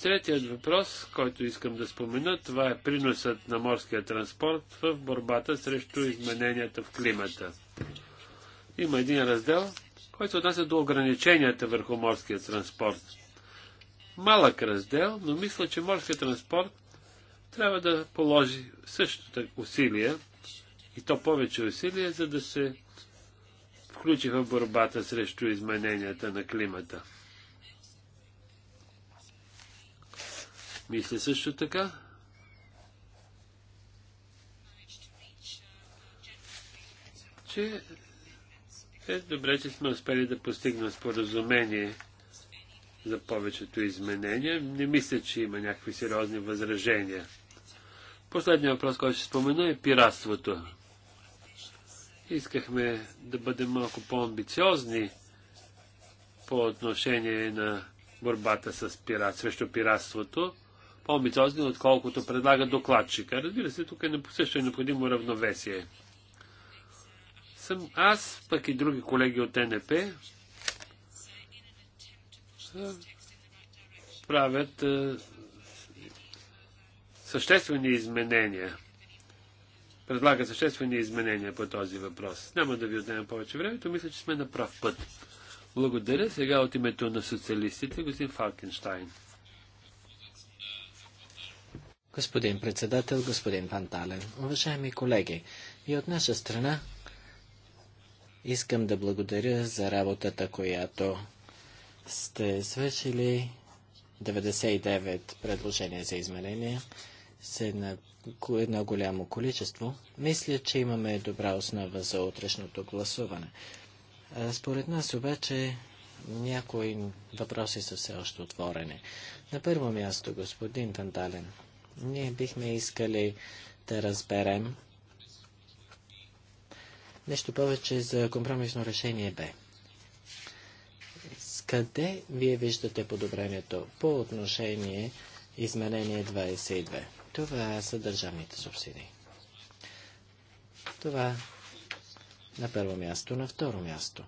Третият въпрос, който искам да спомена, това е приносът на морския транспорт в борбата срещу измененията в климата. Има един раздел, който отнася до ограниченията върху морския транспорт. Малък раздел, но мисля, че морския транспорт трябва да положи същата усилия, и то повече усилия, за да се включи в борбата срещу измененията на климата. Мисля също така, че е добре, че сме успели да постигнем споразумение за повечето изменения. Не мисля, че има някакви сериозни възражения. Последният въпрос, който ще спомена е пиратството. Искахме да бъдем малко по-амбициозни по отношение на борбата с пират, срещу пиратството по-амбициозни, отколкото предлага докладчика. Разбира се, тук е също е необходимо равновесие. Съм аз, пък и други колеги от НП, правят съществени изменения. Предлага съществени изменения по този въпрос. Няма да ви отнемам повече времето. Мисля, че сме на прав път. Благодаря. Сега от името на социалистите, господин Фалкенштайн. Господин председател, господин Пантален, уважаеми колеги, и от наша страна искам да благодаря за работата, която сте свършили 99 предложения за изменения с едно, едно голямо количество. Мисля, че имаме добра основа за утрешното гласуване. Според нас обаче някои въпроси са все още отворени. На първо място, господин Тантален, ние бихме искали да разберем нещо повече за компромисно решение Б. С къде вие виждате подобрението по отношение изменение 22? Това са държавните субсидии. Това на първо място. На второ място.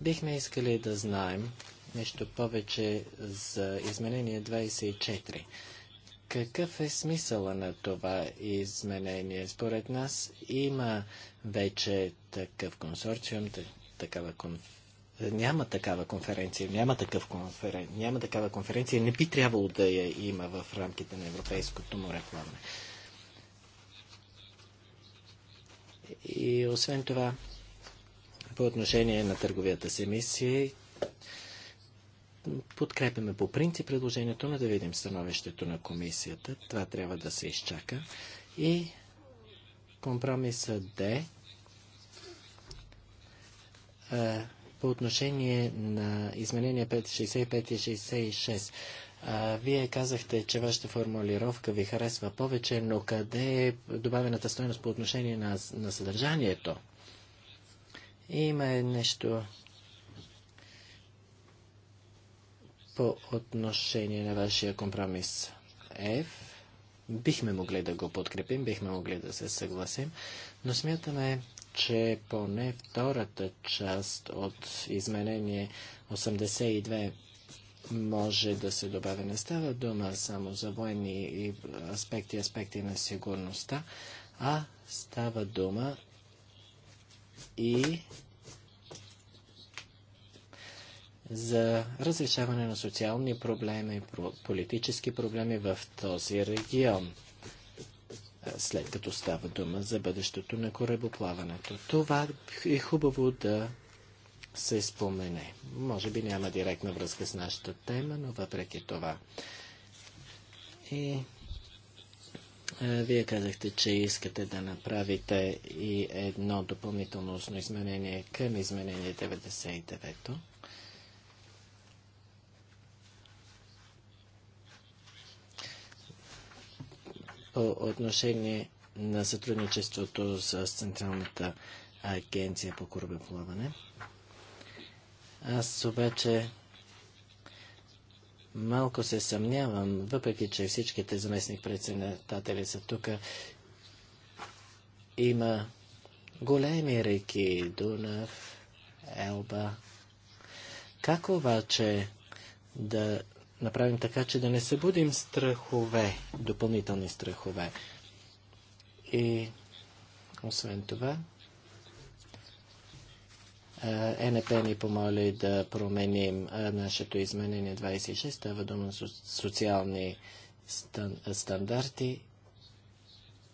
Бихме искали да знаем нещо повече за изменение 24. Какъв е смисъла на това изменение? Според нас има вече такъв консорциум, такава конференция няма такава конференция, няма, такъв конферен... няма такава конференция, не би трябвало да я има в рамките на европейското мореплаване. И освен това, по отношение на търговията с емисии, Подкрепяме по принцип предложението, но да видим становището на комисията. Това трябва да се изчака. И компромиса Д по отношение на изменения 65 и 66. А, вие казахте, че вашата формулировка ви харесва повече, но къде е добавената стоеност по отношение на, на съдържанието? Има е нещо, по отношение на вашия компромис F. Бихме могли да го подкрепим, бихме могли да се съгласим, но смятаме, че поне втората част от изменение 82 може да се добави. Не става дума само за военни и аспекти, аспекти на сигурността, а става дума и за разрешаване на социални проблеми, политически проблеми в този регион, след като става дума за бъдещето на корабоплаването. Това е хубаво да се спомене. Може би няма директна връзка с нашата тема, но въпреки това. И вие казахте, че искате да направите и едно допълнително изменение към изменение 99-то. по отношение на сътрудничеството с Централната агенция по корабоплаване. Аз обаче малко се съмнявам, въпреки че всичките заместник председатели са тук, има големи реки Дунав, Елба. Как обаче да направим така, че да не събудим страхове, допълнителни страхове. И освен това, е НП ни помоли да променим нашето изменение 26. Става дума на социални стандарти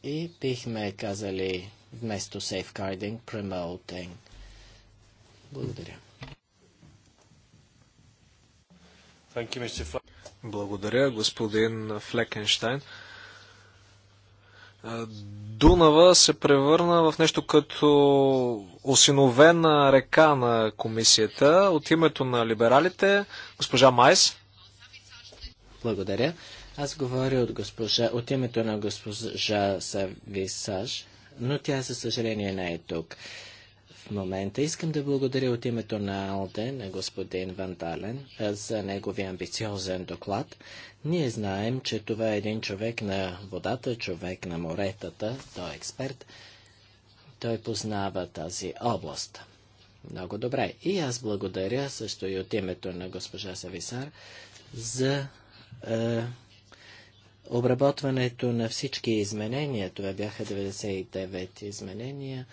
и бихме казали вместо safeguarding, promoting. Благодаря. Благодаря, господин Флекенштайн. Дунава се превърна в нещо като осиновена река на комисията от името на либералите. Госпожа Майс. Благодаря. Аз говоря от, госпожа, от името на госпожа Сависаж, но тя, за съжаление, не е тук момента. Искам да благодаря от името на Алде, на господин Вандален, за неговия амбициозен доклад. Ние знаем, че това е един човек на водата, човек на моретата, той е експерт. Той познава тази област. Много добре. И аз благодаря също и от името на госпожа Сависар за е, обработването на всички изменения. Това бяха 99 изменения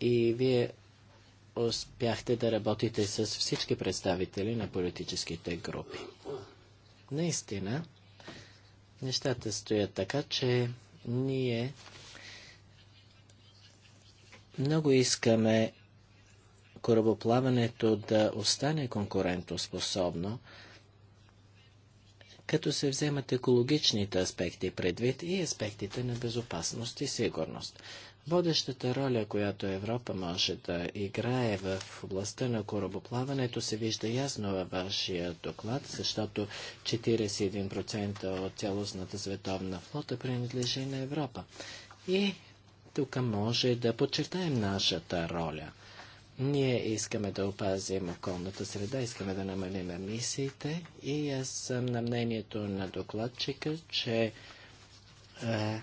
и вие успяхте да работите с всички представители на политическите групи. Наистина, нещата стоят така, че ние много искаме корабоплаването да остане конкурентоспособно, като се вземат екологичните аспекти предвид и аспектите на безопасност и сигурност. Водещата роля, която Европа може да играе в областта на корабоплаването, се вижда ясно във вашия доклад, защото 41% от цялостната световна флота принадлежи на Европа. И тук може да подчертаем нашата роля. Ние искаме да опазим околната среда, искаме да намалим емисиите и аз съм на мнението на докладчика, че е,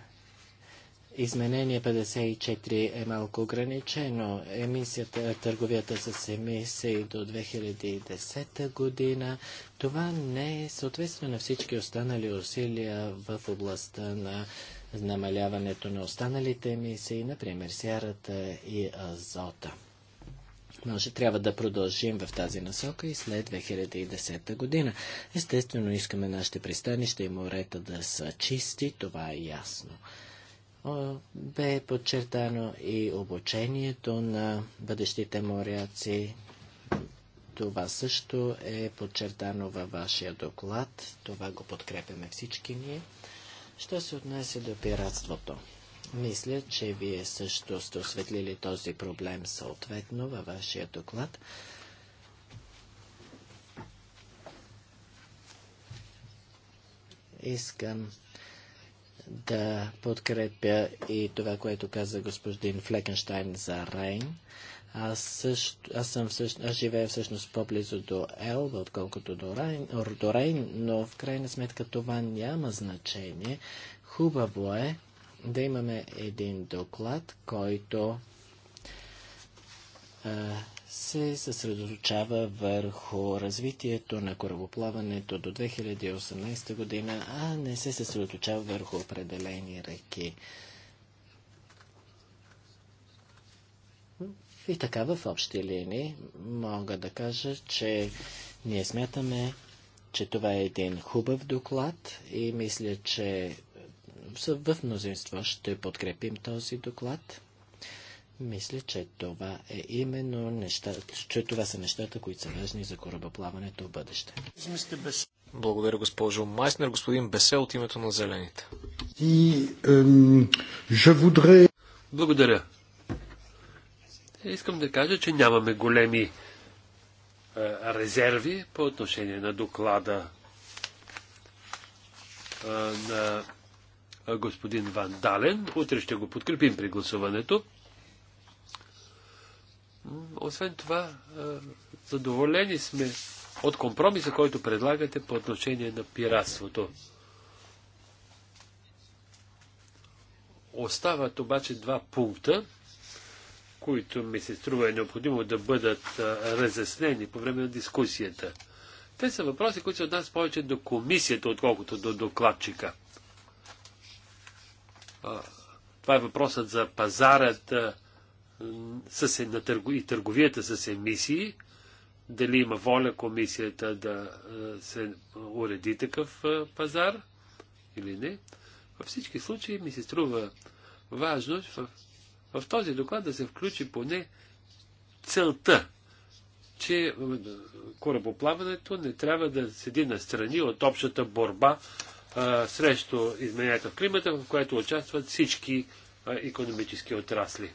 Изменение 54 е малко ограничено. Емисията, търговията с емисии до 2010 година. Това не е съответствие на всички останали усилия в областта на намаляването на останалите емисии, например сярата и азота. Може трябва да продължим в тази насока и след 2010 година. Естествено, искаме нашите пристанища и морета да са чисти, това е ясно. Бе подчертано и обучението на бъдещите моряци. Това също е подчертано във вашия доклад. Това го подкрепяме всички ние. Що се отнася до пиратството? Мисля, че вие също сте осветлили този проблем съответно във вашия доклад. Искам да подкрепя и това, което каза господин Флекенштайн за Рейн. Аз, също, аз, съм всъщ, аз живея всъщност по-близо до Елба, отколкото до Рейн, до Рейн, но в крайна сметка това няма значение. Хубаво е да имаме един доклад, който се съсредоточава върху развитието на корабоплаването до 2018 година, а не се съсредоточава върху определени реки. И така в общи линии мога да кажа, че ние смятаме, че това е един хубав доклад и мисля, че в мнозинство ще подкрепим този доклад. Мисля, че това е именно неща, че това са нещата, които са важни за корабоплаването в бъдеще. Благодаря, госпожо Майснер. Господин Бесе от името на Зелените. И, ем, voudrais... Благодаря. Искам да кажа, че нямаме големи э, резерви по отношение на доклада э, на е, господин Ван Дален. Утре ще го подкрепим при гласуването. Освен това, е, задоволени сме от компромиса, който предлагате по отношение на пиратството. Остават обаче два пункта, които ми се струва е необходимо да бъдат е, разяснени по време на дискусията. Те са въпроси, които се отнасят повече до комисията, отколкото до докладчика. Това е въпросът за пазарът е, с, е- на търгу, и търговията с емисии, дали има воля комисията да се уреди такъв пазар или не. Във всички случаи ми се струва важно в, в този доклад да се включи поне целта, че корабоплаването не трябва да седи настрани от общата борба а, срещу измененията в климата, в която участват всички а, економически отрасли.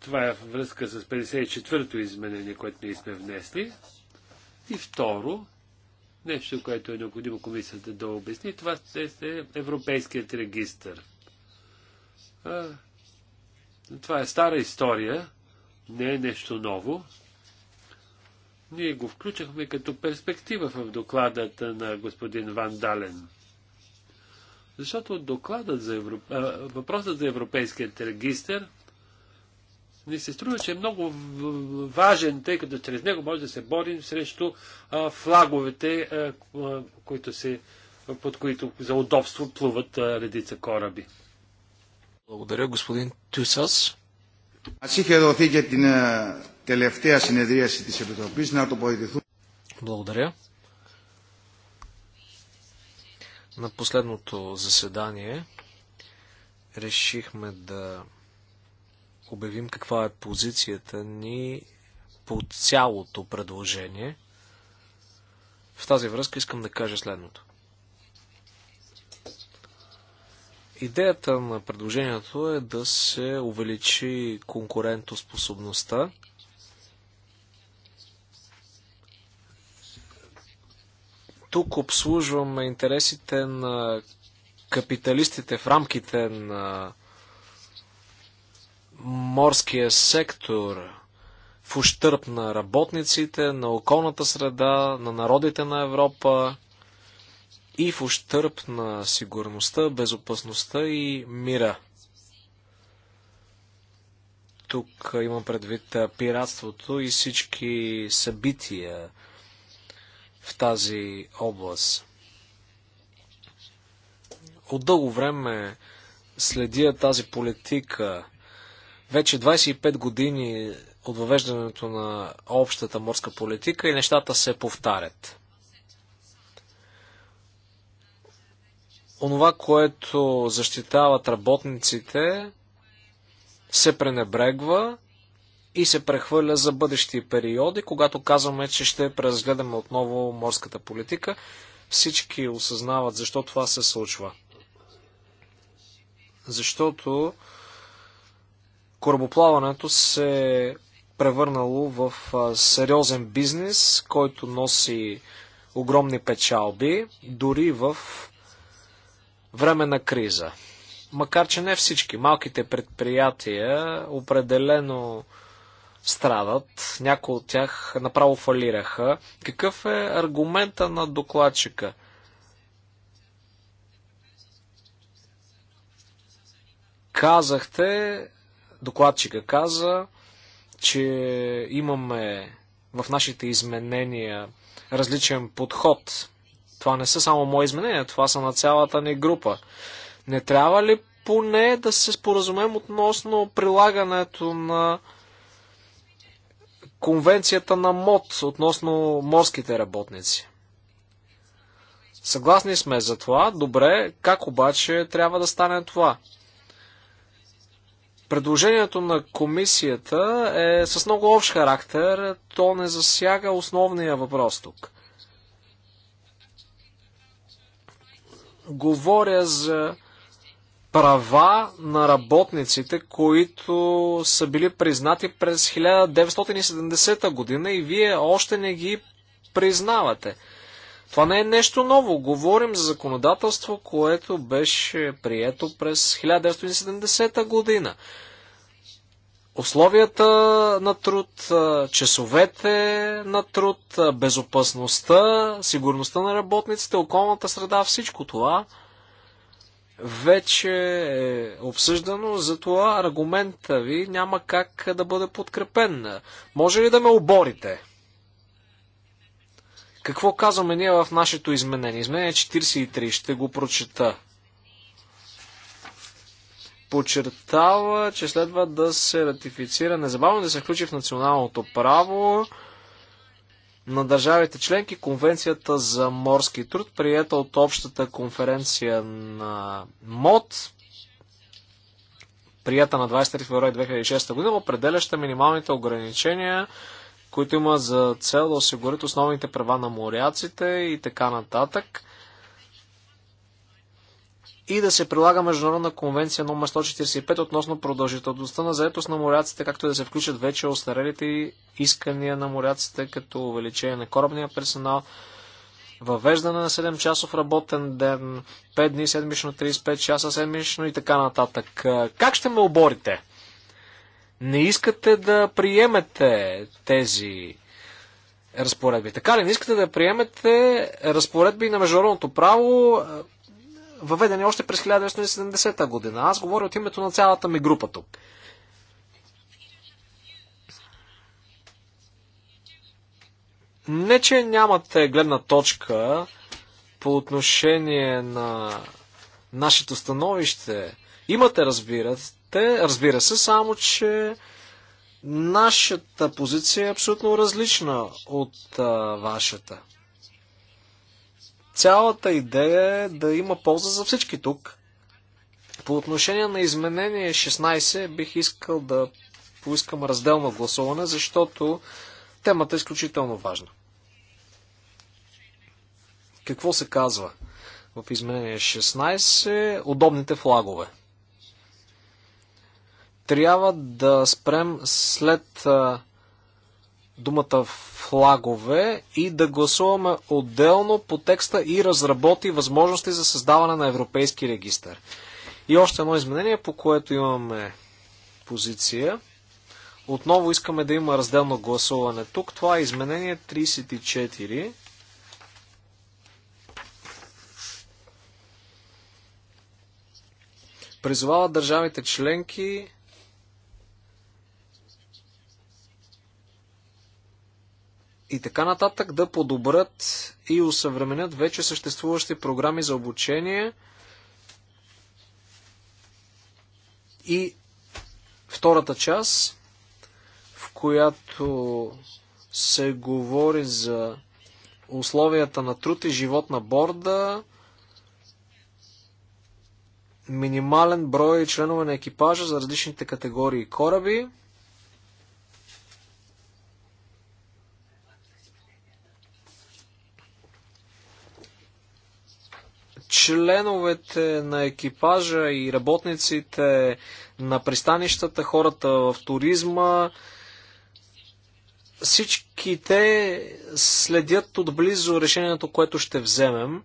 Това е връзка с 54-то изменение, което ние сме внесли. И второ, нещо, което е необходимо комисията да обясни, това е, е Европейският регистр. Това е стара история, не е нещо ново. Ние го включахме като перспектива в докладата на господин Ван Дален. Защото докладът за Европ... въпросът за Европейският регистр ни се струва, че е много важен, тъй като чрез него може да се борим срещу а, флаговете, а, които се, под които за удобство плуват а, редица кораби. Благодаря, господин Тюсас. Аз είχε δοθεί και την τελευταία συνεδρίαση της Επιτροπής να τοποθετηθούν. Благодаря. На последното заседание решихме да обявим каква е позицията ни по цялото предложение. В тази връзка искам да кажа следното. Идеята на предложението е да се увеличи конкурентоспособността тук обслужваме интересите на капиталистите в рамките на морския сектор в ущърп на работниците, на околната среда, на народите на Европа и в ущърп на сигурността, безопасността и мира. Тук имам предвид пиратството и всички събития, в тази област. От дълго време следя тази политика. Вече 25 години от въвеждането на общата морска политика и нещата се повтарят. Онова, което защитават работниците, се пренебрегва и се прехвърля за бъдещи периоди, когато казваме, че ще преразгледаме отново морската политика. Всички осъзнават защо това се случва. Защото корабоплаването се е превърнало в сериозен бизнес, който носи огромни печалби, дори в време на криза. Макар, че не всички. Малките предприятия определено страдат. Някои от тях направо фалираха. Какъв е аргумента на докладчика? Казахте, докладчика каза, че имаме в нашите изменения различен подход. Това не са само мои изменения, това са на цялата ни група. Не трябва ли поне да се споразумем относно прилагането на конвенцията на МОД относно морските работници. Съгласни сме за това. Добре, как обаче трябва да стане това? Предложението на комисията е с много общ характер. То не засяга основния въпрос тук. Говоря за права на работниците, които са били признати през 1970 година и вие още не ги признавате. Това не е нещо ново. Говорим за законодателство, което беше прието през 1970 година. Условията на труд, часовете на труд, безопасността, сигурността на работниците, околната среда, всичко това – вече е обсъждано, затова аргумента ви няма как да бъде подкрепен. Може ли да ме оборите? Какво казваме ние в нашето изменение? Изменение 43, ще го прочета. Подчертава, че следва да се ратифицира незабавно да се включи в националното право на държавите членки Конвенцията за морски труд, приета от общата конференция на МОД, прията на 23 февруари 2006 година, определяща минималните ограничения, които има за цел да осигурят основните права на моряците и така нататък – и да се прилага Международна конвенция на 145 относно продължителността на заетост на моряците, както и да се включат вече остарелите искания на моряците, като увеличение на корабния персонал, въвеждане на 7-часов работен ден, 5 дни седмично, 35 часа седмично и така нататък. Как ще ме оборите? Не искате да приемете тези разпоредби. Така ли? Не искате да приемете разпоредби на международното право, въведени още през 1970 година. Аз говоря от името на цялата ми група тук. Не, че нямате гледна точка по отношение на нашето становище. Имате, разбирате, разбира се, само че нашата позиция е абсолютно различна от а, вашата. Цялата идея е да има полза за всички тук. По отношение на изменение 16 бих искал да поискам разделно гласуване, защото темата е изключително важна. Какво се казва в изменение 16? Удобните флагове. Трябва да спрем след а, думата флагове и да гласуваме отделно по текста и разработи възможности за създаване на европейски регистър. И още едно изменение, по което имаме позиция. Отново искаме да има разделно гласуване тук. Това е изменение 34. Призовава държавите членки и така нататък да подобрят и усъвременят вече съществуващи програми за обучение и втората част, в която се говори за условията на труд и живот на борда, минимален брой членове на екипажа за различните категории кораби – членовете на екипажа и работниците на пристанищата, хората в туризма, всички те следят отблизо решението, което ще вземем.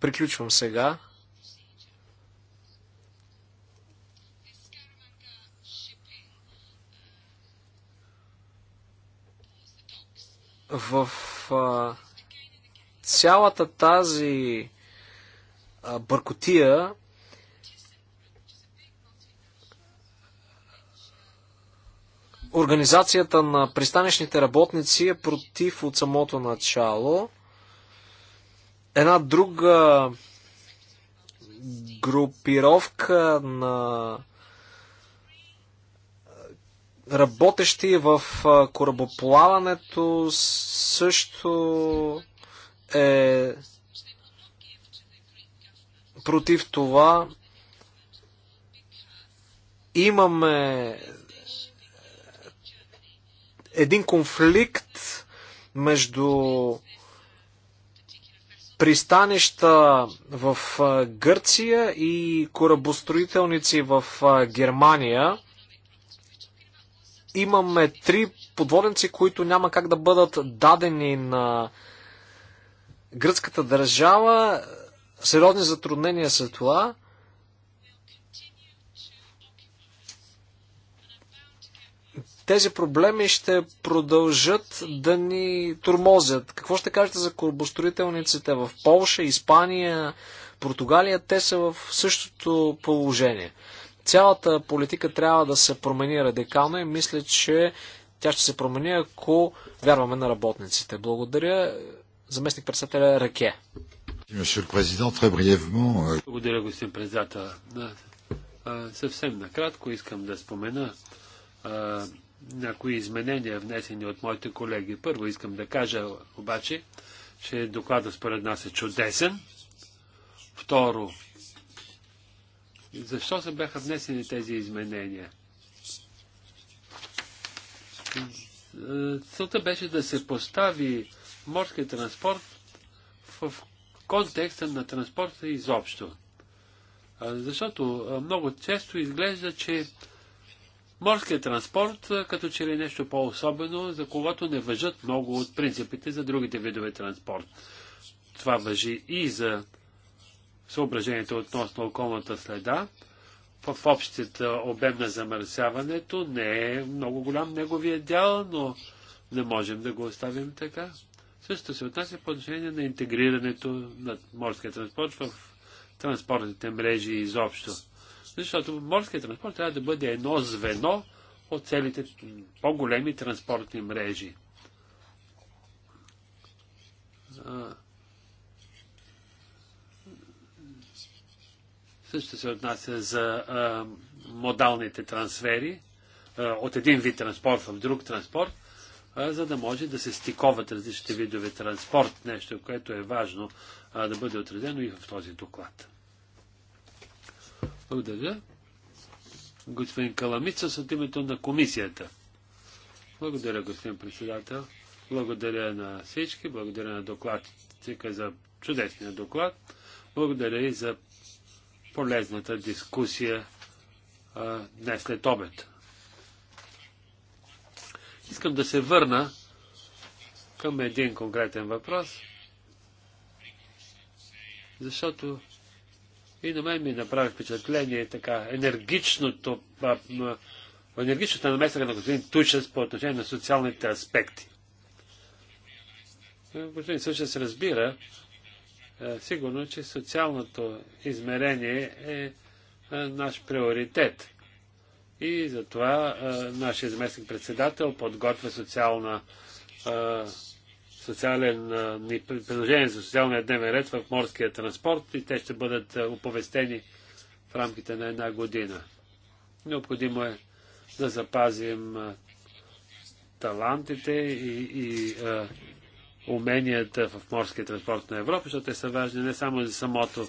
Приключвам сега. В а, Цялата тази бъркотия Организацията на пристанищните работници е против от самото начало. Една друга групировка на работещи в корабоплаването също е против това. Имаме един конфликт между пристанища в Гърция и корабостроителници в Германия. Имаме три подводници, които няма как да бъдат дадени на гръцката държава сериозни затруднения са това. Тези проблеми ще продължат да ни турмозят. Какво ще кажете за корабостроителниците в Полша, Испания, Португалия? Те са в същото положение. Цялата политика трябва да се промени радикално и мисля, че тя ще се промени, ако вярваме на работниците. Благодаря заместник председателя Раке. Euh, Благодаря, господин председател. Съвсем накратко искам да спомена а, някои изменения, внесени от моите колеги. Първо искам да кажа обаче, че докладът според нас е чудесен. Второ, защо се бяха внесени тези изменения? Целта беше да се постави морския транспорт в контекста на транспорта изобщо. Защото много често изглежда, че морският транспорт като че ли е нещо по-особено, за когото не въжат много от принципите за другите видове транспорт. Това въжи и за съображението относно околната следа. В общият обем на замърсяването не е много голям неговия дял, но не можем да го оставим така. Същото се отнася по отношение на интегрирането на морския транспорт в транспортните мрежи изобщо. Защото морският транспорт трябва да бъде едно звено от целите по-големи транспортни мрежи. Също се отнася за а, модалните трансфери а, от един вид транспорт в друг транспорт за да може да се стиковат различните видове транспорт, нещо, което е важно да бъде отредено и в този доклад. Благодаря. Господин Каламица с от името на комисията. Благодаря, господин председател. Благодаря на всички. Благодаря на докладчика за чудесния доклад. Благодаря и за полезната дискусия а, днес след обед. Искам да се върна към един конкретен въпрос, защото и на мен ми направи впечатление така енергичното, а, енергичната намеса на господин Тучес по отношение на социалните аспекти. Е, господин се разбира, е, сигурно, че социалното измерение е, е наш приоритет. И затова нашия заместник председател подготвя социална социален, предложение за социалния дневен ред в морския транспорт и те ще бъдат оповестени в рамките на една година. Необходимо е да запазим талантите и, и а, уменията в морския транспорт на Европа, защото те са важни не само за самото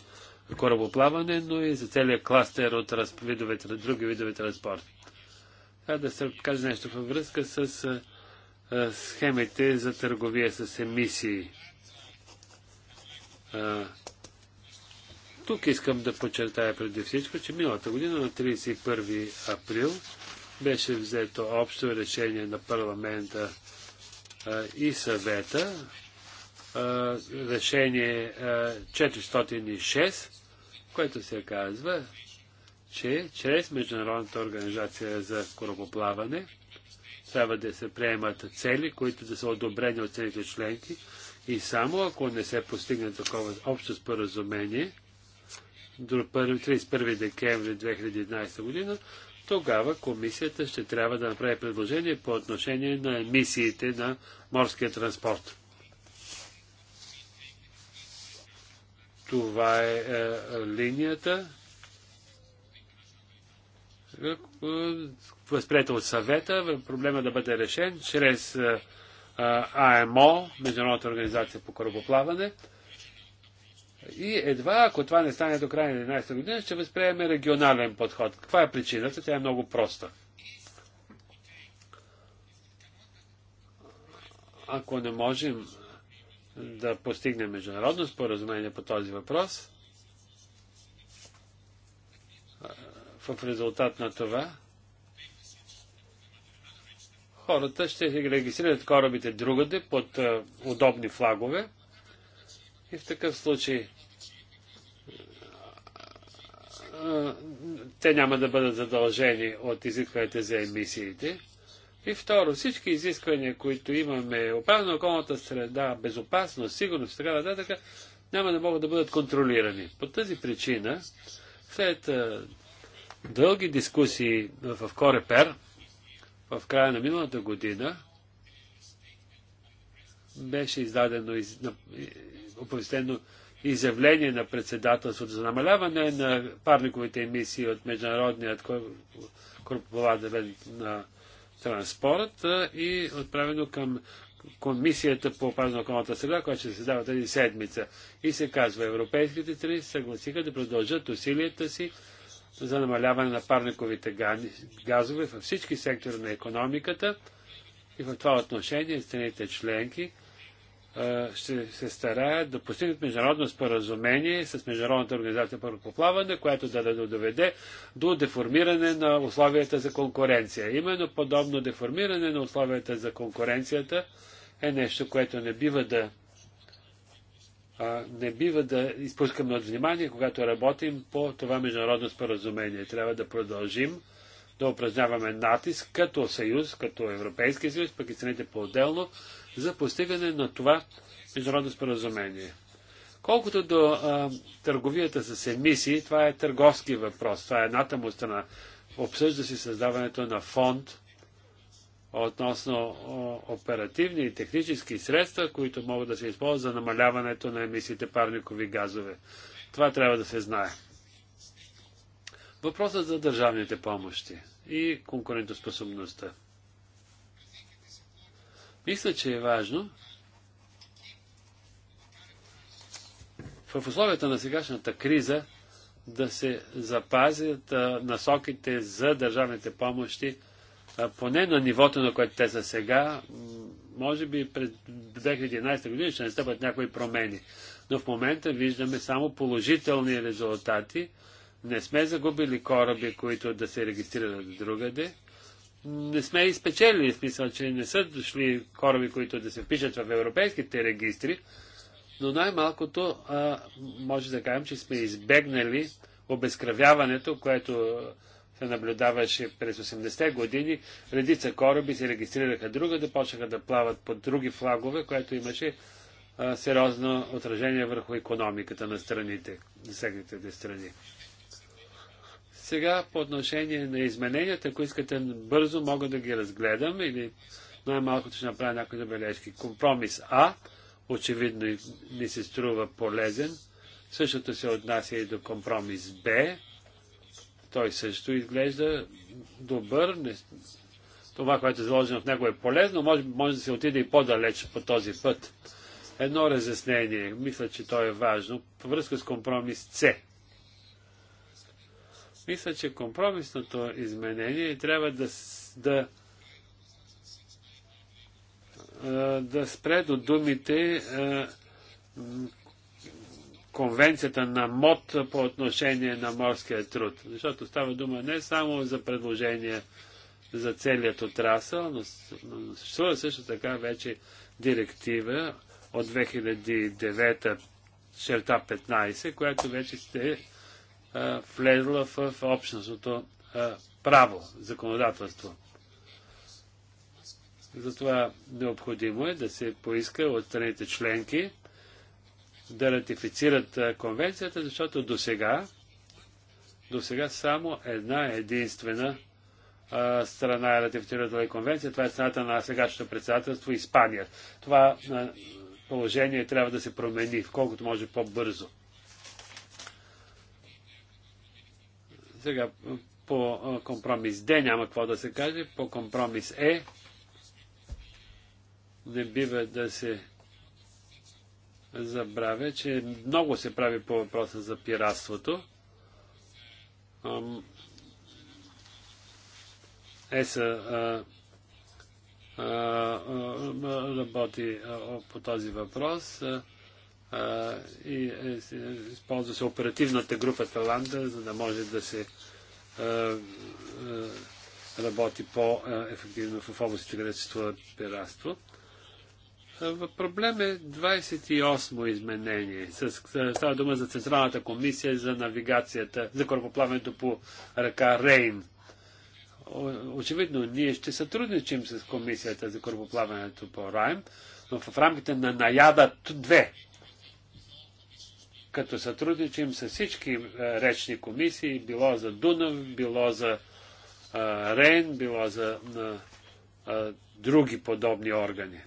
корабоплаване, но и за целият кластер от видове, други видове транспорт. Трябва да се каже нещо във връзка с а, схемите за търговия с емисии. А, тук искам да подчертая преди всичко, че миналата година на 31 април беше взето общо решение на парламента а, и съвета решение 406, което се казва, че чрез Международната организация за корабоплаване трябва да се приемат цели, които да са одобрени от целите членки и само ако не се постигне такова общо споразумение до 31 декември 2011 година, тогава комисията ще трябва да направи предложение по отношение на емисиите на морския транспорт. Това е, е линията, е, възприета от съвета, проблема да бъде решен чрез е, АМО, Международната организация по корабоплаване. И едва, ако това не стане до края на 11 година, ще възприеме регионален подход. Каква е причината? Тя е много проста. Ако не можем да постигне международно споразумение по този въпрос. В резултат на това хората ще регистрират корабите другаде под удобни флагове и в такъв случай те няма да бъдат задължени от изискването за емисиите. И второ, всички изисквания, които имаме, опазна околната среда, безопасност, сигурност и така нататък, няма да могат да бъдат контролирани. По тази причина, след дълги дискусии в Корепер, в края на миналата година, беше издадено оповестено изявление на председателството за намаляване на парниковите емисии от Международният корпоративен на транспорт и отправено към Комисията по опазване на околната среда, която ще се създава тази седмица. И се казва, европейските страни съгласиха да продължат усилията си за намаляване на парниковите газове във всички сектори на економиката и в това отношение страните членки ще се стараят да постигнат международно споразумение с Международната организация по плаване, което да, да доведе до деформиране на условията за конкуренция. Именно подобно деформиране на условията за конкуренцията е нещо, което не бива да не бива да изпускаме от внимание, когато работим по това международно споразумение. Трябва да продължим да упражняваме натиск като съюз, като Европейски съюз, пък и страните по-отделно, за постигане на това международно споразумение. Колкото до а, търговията с емисии, това е търговски въпрос. Това е едната му страна. Обсъжда си създаването на фонд относно оперативни и технически средства, които могат да се използват за намаляването на емисиите парникови газове. Това трябва да се знае. Въпросът за държавните помощи и конкурентоспособността. Мисля, че е важно в условията на сегашната криза да се запазят насоките за държавните помощи поне на нивото, на което те са сега. Може би през 2011 година ще настъпят някои промени. Но в момента виждаме само положителни резултати не сме загубили кораби, които да се регистрират другаде. Не сме изпечели, в смисъл, че не са дошли кораби, които да се впишат в европейските регистри, но най-малкото може да кажем, че сме избегнали обезкръвяването, което се наблюдаваше през 80-те години. Редица кораби се регистрираха друга, да почнаха да плават под други флагове, което имаше а, сериозно отражение върху економиката на страните, засегнатите страни. Сега по отношение на измененията, ако искате бързо, мога да ги разгледам или най-малкото ще направя някои забележки. Компромис А, очевидно ни се струва полезен. Същото се отнася и до компромис Б. Той също изглежда добър. Това, което е заложено в него е полезно. Може, може да се отиде и по-далеч по този път. Едно разяснение, мисля, че то е важно, във връзка с компромис С. Мисля, че компромисното изменение трябва да, да, да спре до думите конвенцията на МОД по отношение на морския труд. Защото става дума не само за предложения за целият отрасъл, но, но съществува също така вече директива от 2009 черта 15, която вече сте влезла в общностното право, законодателство. Затова необходимо е да се поиска от страните членки да ратифицират конвенцията, защото до сега, до сега само една единствена а, страна е ратифицирала конвенция. Това е страната на сегашното председателство Испания. Това а, положение трябва да се промени, колкото може по-бързо. Сега по компромис Д няма какво да се каже, по компромис Е не бива да се забравя, че много се прави по въпроса за пиратството. Е са работи по този въпрос и е, е, използва се оперативната група Таланда, за да може да се работи по-ефективно в областите, където се струва пиратство. Проблем е 28-о изменение. Става дума за Централната комисия за навигацията, за корпоплаването по ръка Рейн. Очевидно, ние ще сътрудничим с комисията за корпоплаването по Райм, но в рамките на наяда 2, като сътрудничим с всички е, речни комисии, било за Дунав, било за е, Рейн, било за а, е, други подобни органи,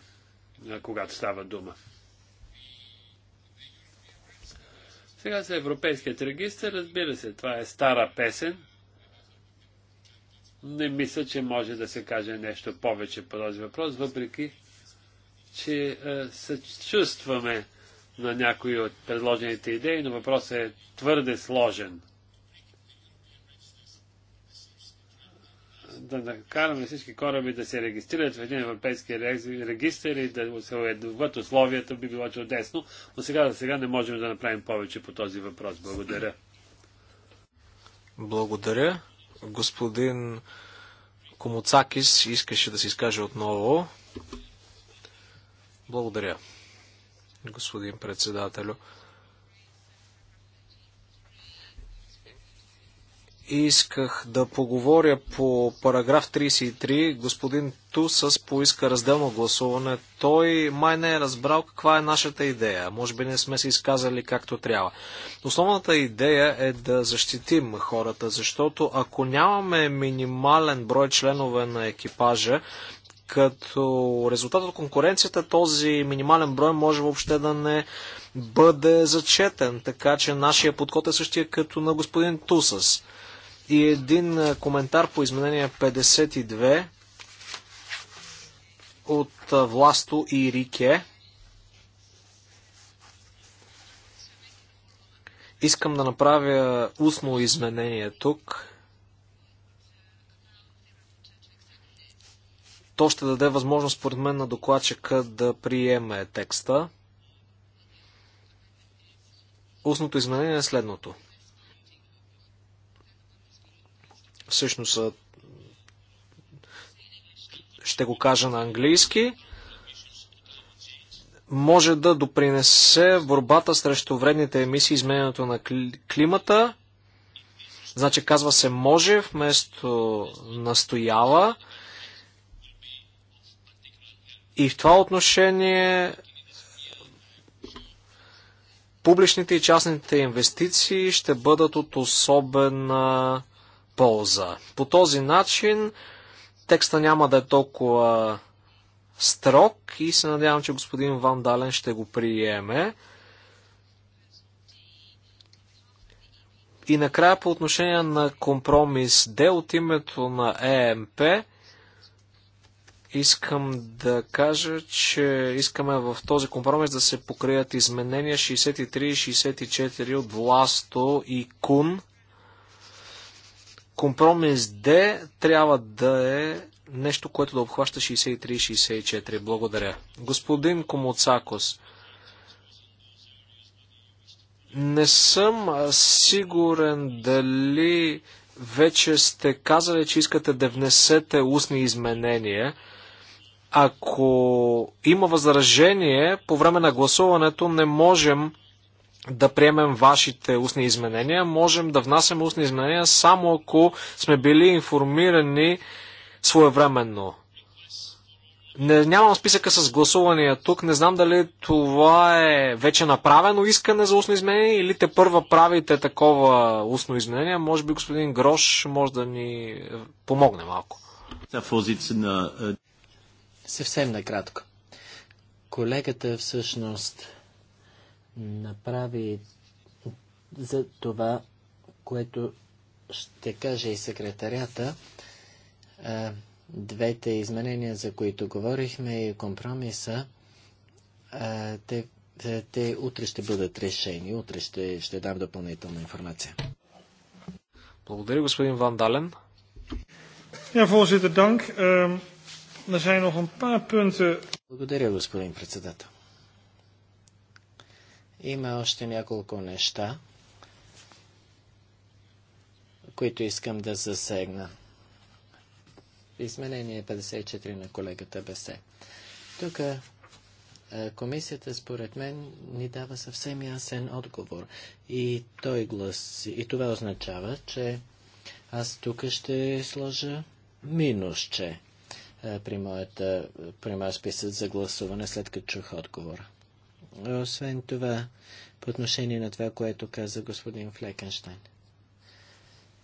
когато става дума. Сега за Европейският регистр, разбира се, това е стара песен. Не мисля, че може да се каже нещо повече по този въпрос, въпреки, че е, на някои от предложените идеи, но въпросът е твърде сложен. Да накараме всички кораби да се регистрират в един европейски регистр и да се уедват условията би било чудесно, но сега за сега не можем да направим повече по този въпрос. Благодаря. Благодаря. Господин Комуцакис искаше да се изкаже отново. Благодаря господин председателю. Исках да поговоря по параграф 33. Господин Тусъс поиска разделно гласуване. Той май не е разбрал каква е нашата идея. Може би не сме се изказали както трябва. Основната идея е да защитим хората, защото ако нямаме минимален брой членове на екипажа, като резултат от конкуренцията този минимален брой може въобще да не бъде зачетен. Така че нашия подход е същия като на господин Тусас. И един е, коментар по изменение 52 от е, Власто и Рике. Искам да направя устно изменение тук. То ще даде възможност, според мен, на докладчика да приеме текста. Устното изменение е следното. Всъщност ще го кажа на английски може да допринесе борбата срещу вредните емисии, изменението на климата. Значи казва се може вместо настоява. И в това отношение публичните и частните инвестиции ще бъдат от особена полза. По този начин текста няма да е толкова строг и се надявам, че господин Ван Дален ще го приеме. И накрая по отношение на компромис Д от името на ЕМП, Искам да кажа, че искаме в този компромис да се покрият изменения 63 и 64 от Власто и Кун. Компромис Д трябва да е нещо, което да обхваща 63 и 64. Благодаря. Господин Комоцакос, не съм сигурен дали вече сте казали, че искате да внесете устни изменения. Ако има възражение, по време на гласуването не можем да приемем вашите устни изменения. Можем да внасяме устни изменения само ако сме били информирани своевременно. Не, нямам списъка с гласувания тук. Не знам дали това е вече направено искане за устно изменение или те първа правите такова устно изменение. Може би господин Грош може да ни помогне малко. Съвсем накратко. Колегата всъщност направи за това, което ще каже и секретарята, двете изменения, за които говорихме и компромиса, те, те утре ще бъдат решени. Утре ще, ще дам допълнителна информация. Благодаря, господин Ван Дален. Ja, voorzitter, dank. Uh... Er zijn nog een paar punten. Благодаря, господин председател. Има още няколко неща, които искам да засегна. Изменение 54 на колегата БС. Тук е, комисията, според мен, ни дава съвсем ясен отговор. И той гласи, и това означава, че аз тук ще сложа минус, че е, при, моята, при моя списък за гласуване, след като чух отговора. Освен това, по отношение на това, което каза господин Флекенштайн.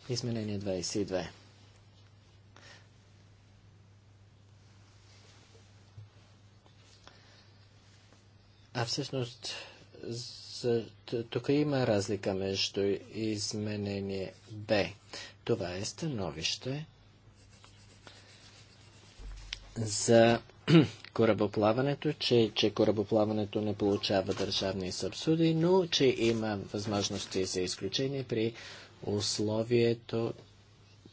Изменение 22. А всъщност, за, тук има разлика между изменение Б. Това е становище, за корабоплаването, че, че корабоплаването не получава държавни субсидии, но че има възможности за изключение при условието,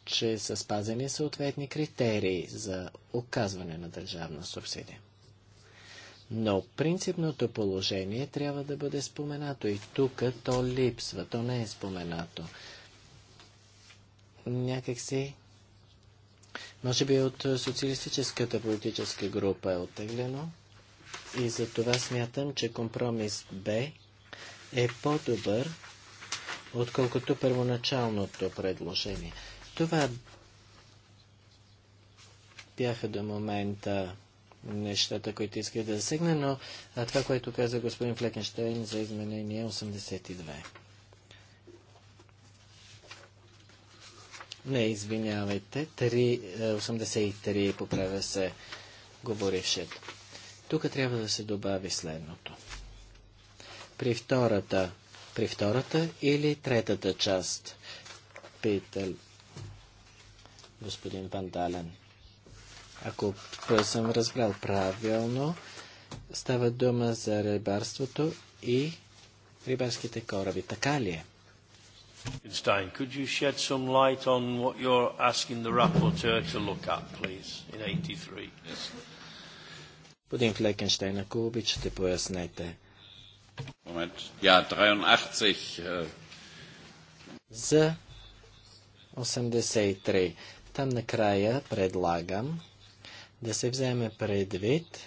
че са спазени съответни критерии за оказване на държавна субсидия. Но принципното положение трябва да бъде споменато и тук то липсва, то не е споменато. Някакси може би от е, социалистическата политическа група е оттеглено и за това смятам, че компромис Б е по-добър, отколкото първоначалното предложение. Това бяха до момента нещата, които исках да засегна, но това, което каза господин Флекенштейн за изменение 82. Не, извинявайте. 383 е, поправя се говорившият. Тук трябва да се добави следното. При втората, при втората или третата част, питал господин Пандален. Ако съм разбрал правилно, става дума за рибарството и рибарските кораби. Така ли е? Stein, could you shed some light on what you're asking the rapporteur to look at, please, in 83? Yes. Господин Флекенштайн, ако обичате, пояснете. Момент. Я, 83. За 83. Там накрая предлагам да се вземе предвид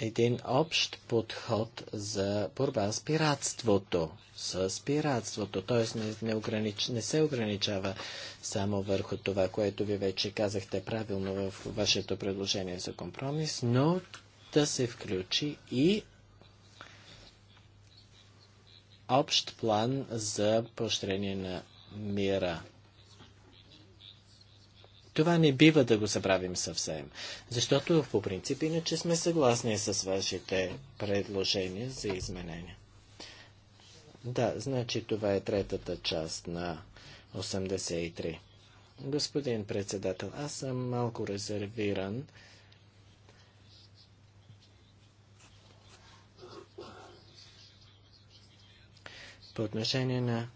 един общ подход за борба с пиратството. С пиратството. Т.е. Не, не, огранич... не се ограничава само върху това, което ви вече казахте правилно в вашето предложение за компромис, но да се включи и общ план за поощрение на мира. Това не бива да го забравим съвсем, защото по принцип иначе сме съгласни с вашите предложения за изменения. Да, значи това е третата част на 83. Господин председател, аз съм малко резервиран. По отношение на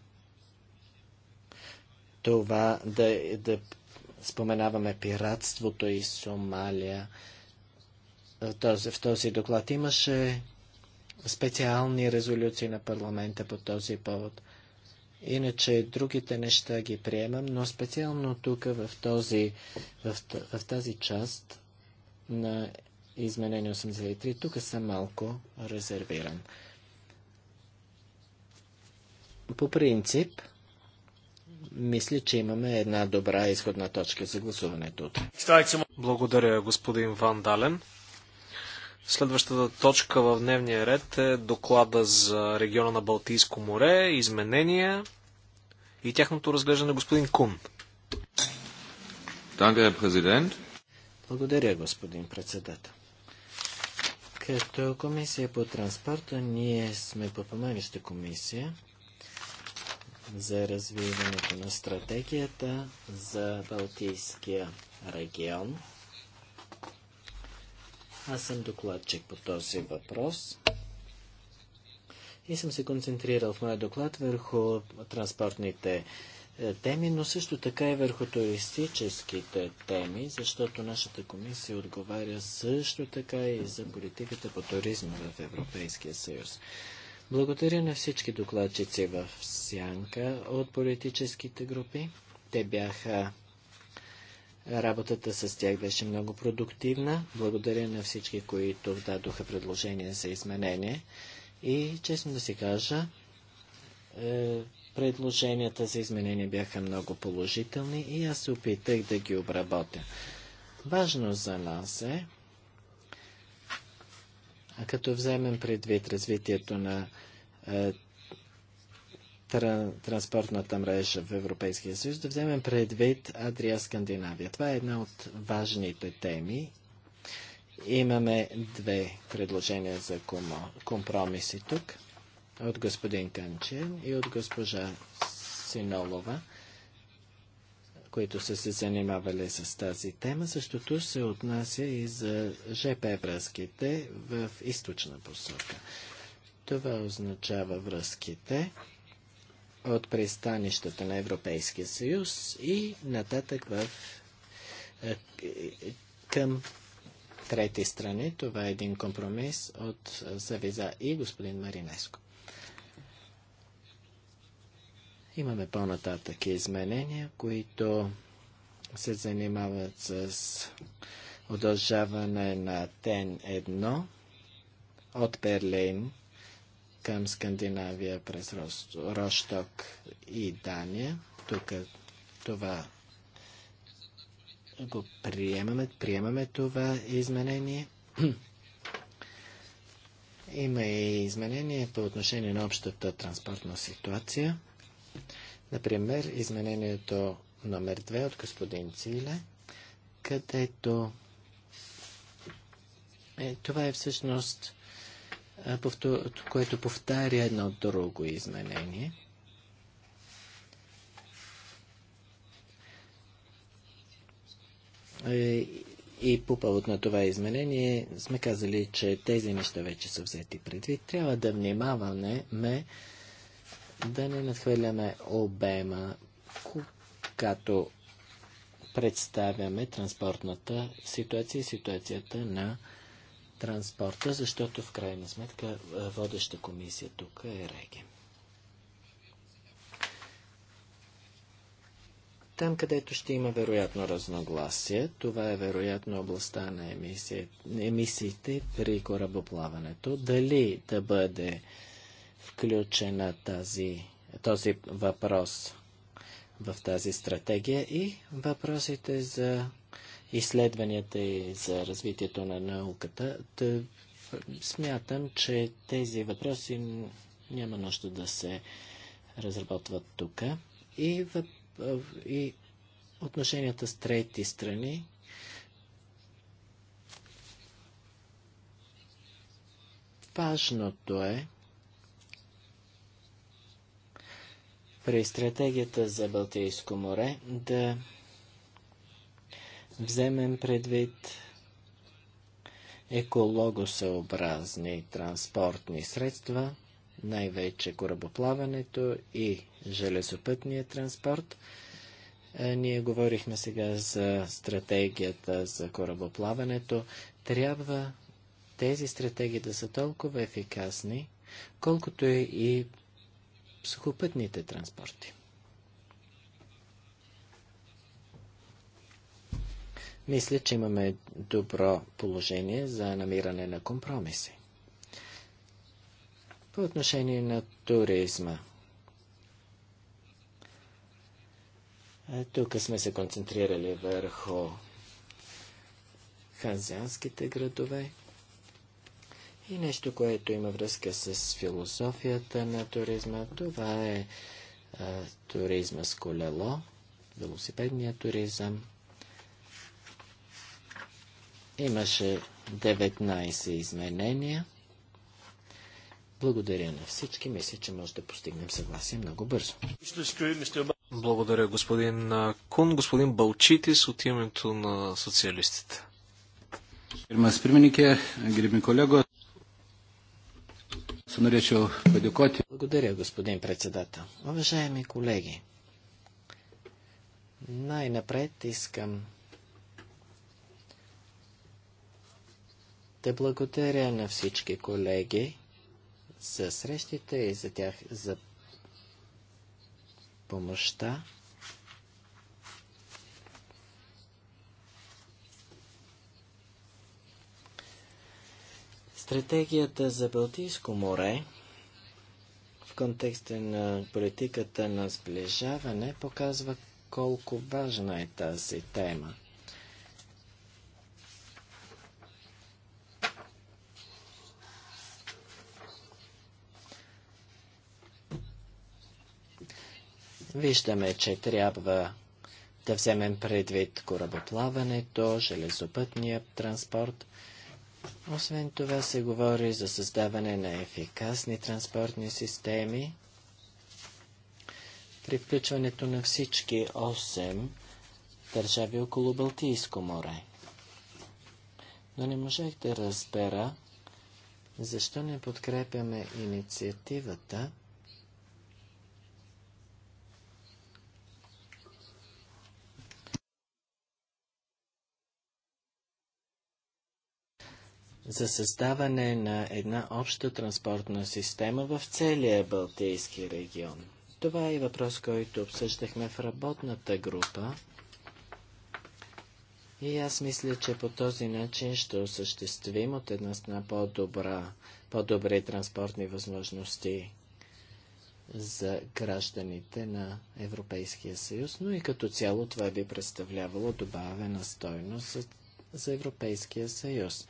това да, да споменаваме пиратството и Сомалия. Е, този, в този доклад имаше специални резолюции на парламента по този повод. Иначе другите неща ги приемам, но специално тук в, този, в, в тази част на изменение 83, тук съм малко резервиран. По принцип, мисля, че имаме една добра изходна точка за гласуването. Благодаря, господин Ван Дален. Следващата точка в дневния ред е доклада за региона на Балтийско море, изменения и тяхното разглеждане господин Кун. Благодаря, господин председател. Като комисия по транспорта, ние сме подпомагаща комисия за развиването на стратегията за Балтийския регион. Аз съм докладчик по този въпрос и съм се концентрирал в моя доклад върху транспортните е, теми, но също така и върху туристическите теми, защото нашата комисия отговаря също така и за политиката по туризма в Европейския съюз. Благодаря на всички докладчици в Сянка от политическите групи. Те бяха Работата с тях беше много продуктивна. Благодаря на всички, които дадоха предложения за изменение. И, честно да си кажа, е, предложенията за изменение бяха много положителни и аз се опитах да ги обработя. Важно за нас е а като вземем предвид развитието на е, транспортната мрежа в Европейския съюз, да вземем предвид Адрия Скандинавия. Това е една от важните теми. Имаме две предложения за компромиси тук от господин Канчен и от госпожа Синолова които са се занимавали с тази тема. Същото се отнася и за ЖП връзките в източна посока. Това означава връзките от пристанищата на Европейския съюз и нататък в, е, към трети страни. Това е един компромис от Завиза и господин Маринеско. Имаме по-нататък изменения, които се занимават с удължаване на ТЕН 1 от Берлин към Скандинавия през Рошток и Дания. Тук това го приемаме, приемаме това изменение. Има и изменение по отношение на общата транспортна ситуация. Например, изменението номер 2 от господин Циле, където е, това е всъщност което повтаря едно друго изменение. Е, и по повод на това изменение сме казали, че тези неща вече са взети предвид. Трябва да внимаваме ме, да не надхвърляме обема, когато представяме транспортната ситуация и ситуацията на транспорта, защото в крайна сметка е, водеща комисия тук е Реги. Там, където ще има вероятно разногласие, това е вероятно областта на емисиите, емисиите при корабоплаването. Дали да бъде включена тази, този въпрос в тази стратегия и въпросите за изследванията и за развитието на науката. Да смятам, че тези въпроси няма нужда да се разработват тук. И, въп... и отношенията с трети страни важното е при стратегията за Балтийско море да вземем предвид екологосъобразни транспортни средства, най-вече корабоплаването и железопътния транспорт. Е, ние говорихме сега за стратегията за корабоплаването. Трябва тези стратегии да са толкова ефикасни, колкото е и сухопътните транспорти. Мисля, че имаме добро положение за намиране на компромиси. По отношение на туризма. Тук сме се концентрирали върху ханзианските градове. И нещо, което има връзка с философията на туризма, това е а, туризма с колело, велосипедния туризъм. Имаше 19 изменения. Благодаря на всички. Мисля, че може да постигнем съгласие много бързо. Благодаря, господин Кун. Господин Балчитис от името на социалистите. Gerbiamas pirmininkė, gerbiami kolegos. Благодаря, господин председател. Уважаеми колеги, най-напред искам да благодаря на всички колеги за срещите и за тях за помощта. Стратегията за Балтийско море в контекста на политиката на сближаване показва колко важна е тази тема. Виждаме, че трябва да вземем предвид корабоплаването, железопътния транспорт – освен това се говори за създаване на ефикасни транспортни системи. При включването на всички 8 държави около Балтийско море. Но не можех да разбера, защо не подкрепяме инициативата за създаване на една обща транспортна система в целия Балтийски регион. Това е въпрос, който обсъждахме в работната група. И аз мисля, че по този начин ще осъществим от една страна по-добра, по-добри транспортни възможности за гражданите на Европейския съюз, но и като цяло това би представлявало добавена стойност за, за Европейския съюз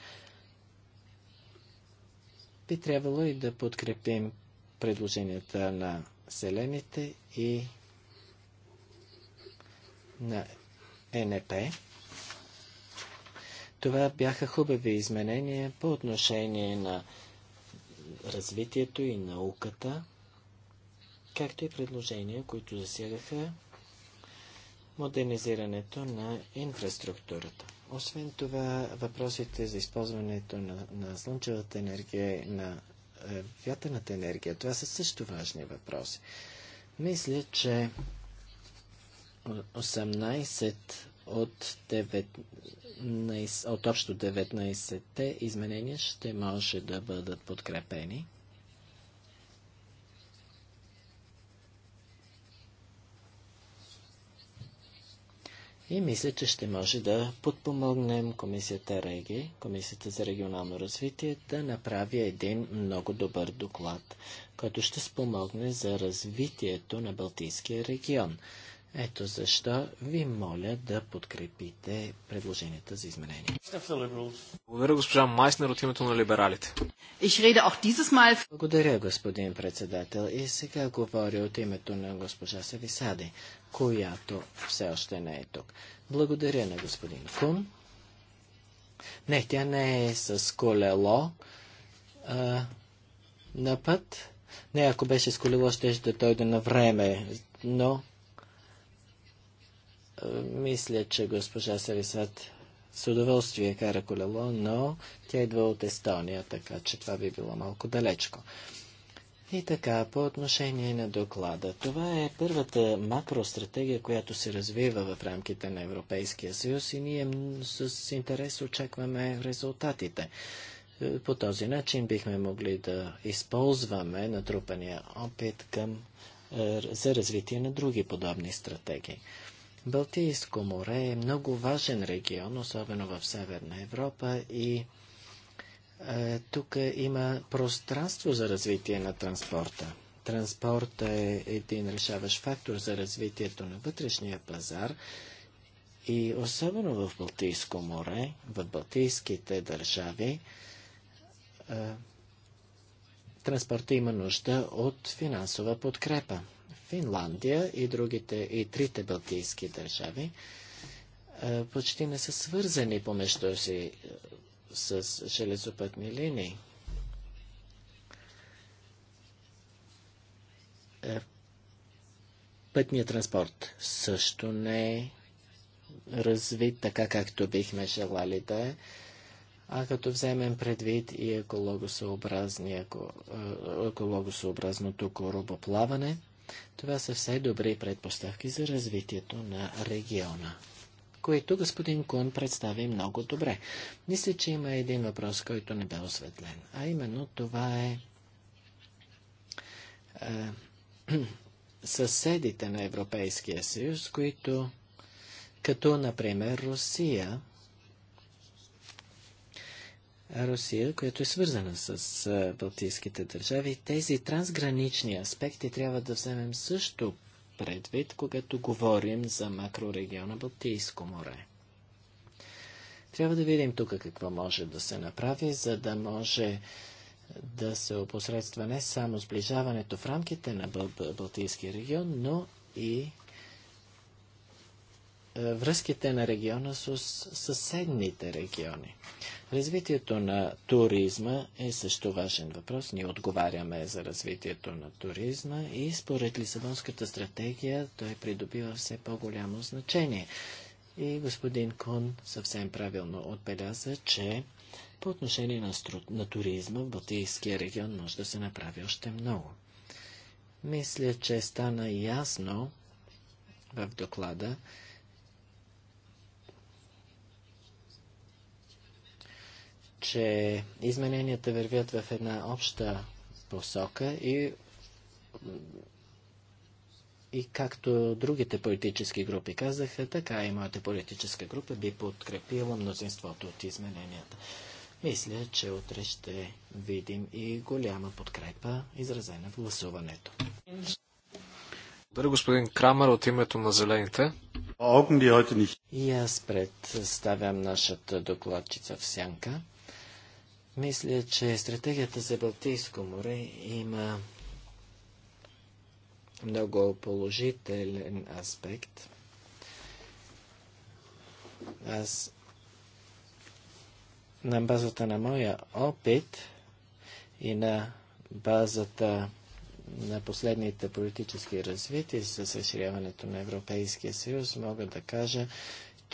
би трябвало и да подкрепим предложенията на зелените и на е НП. Това бяха хубави изменения по отношение на развитието и науката, както и предложения, които засягаха модернизирането на инфраструктурата. Освен това, въпросите за използването на, на слънчевата енергия, на е, вятърната енергия, това са също важни въпроси. Мисля, че 18 от, 19, от общо 19-те изменения ще може да бъдат подкрепени. И мисля, че ще може да подпомогнем комисията Реги, комисията за регионално развитие, да направи един много добър доклад, който ще спомогне за развитието на Балтийския регион. Ето защо ви моля да подкрепите предложенията за изменение. Благодаря, госпожа Майснер, от името на либералите. Благодаря, господин председател. И сега говоря от името на госпожа Сависади която все още не е тук. Благодаря на господин Кун. Не, тя не е с колело а, на път. Не, ако беше с колело, ще да дойде на време, но а, мисля, че госпожа Сарисат с удоволствие кара колело, но тя идва от Естония, така че това би било малко далечко. И така, по отношение на доклада. Това е първата макростратегия, която се развива в рамките на Европейския съюз и ние с интерес очакваме резултатите. Е, по този начин бихме могли да използваме натрупания опит към, е, за развитие на други подобни стратегии. Балтийско море е много важен регион, особено в Северна Европа и е, тук има пространство за развитие на транспорта. Транспорта е един решаващ фактор за развитието на вътрешния пазар и особено в Балтийско море, в Балтийските държави, е, транспорта има нужда от финансова подкрепа. Финландия и другите и трите балтийски държави е, почти не са свързани помежду си с железопътни линии. Е, пътният транспорт също не е развит така, както бихме желали да е. А като вземем предвид и е, екологосъобразното корабоплаване, това са все добри предпоставки за развитието на региона които господин Кун представи много добре. Мисля, че има един въпрос, който не бе осветлен, а именно това е, е съседите на Европейския съюз, които, като например Русия, Русия, която е свързана с е, Балтийските държави, тези трансгранични аспекти трябва да вземем също предвид, когато говорим за макрорегиона Балтийско море. Трябва да видим тук какво може да се направи, за да може да се опосредства не само сближаването в рамките на Балтийския регион, но и е, връзките на региона с съседните региони. Развитието на туризма е също важен въпрос. Ние отговаряме за развитието на туризма и според Лисабонската стратегия той придобива все по-голямо значение. И господин Кун съвсем правилно отбеляза, че по отношение на, стру... на туризма в Балтийския регион може да се направи още много. Мисля, че стана ясно в доклада, че измененията вървят в една обща посока и, и както другите политически групи казаха, така и моята политическа група би подкрепила мнозинството от измененията. Мисля, че утре ще видим и голяма подкрепа, изразена в гласуването. Благодаря, господин Крамер, от името на Зелените. И аз представям нашата докладчица в сянка. Мисля, че стратегията за Балтийско море има много положителен аспект. Аз на базата на моя опит и на базата на последните политически развития с разширяването на Европейския съюз мога да кажа,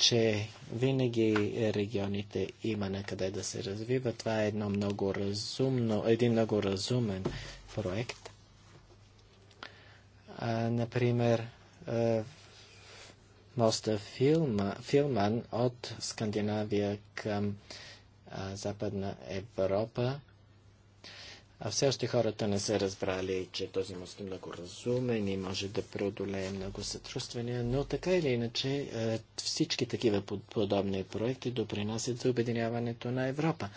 че винаги регионите има на къде да се развива. Това е едно много разумно, един много разумен проект. А, например, моста Филма, Филман от Скандинавия към а, Западна Европа а все още хората не са разбрали, че този мост е много разумен и може да преодолее много сътрудствения, но така или иначе е, всички такива подобни проекти допринасят за обединяването на Европа.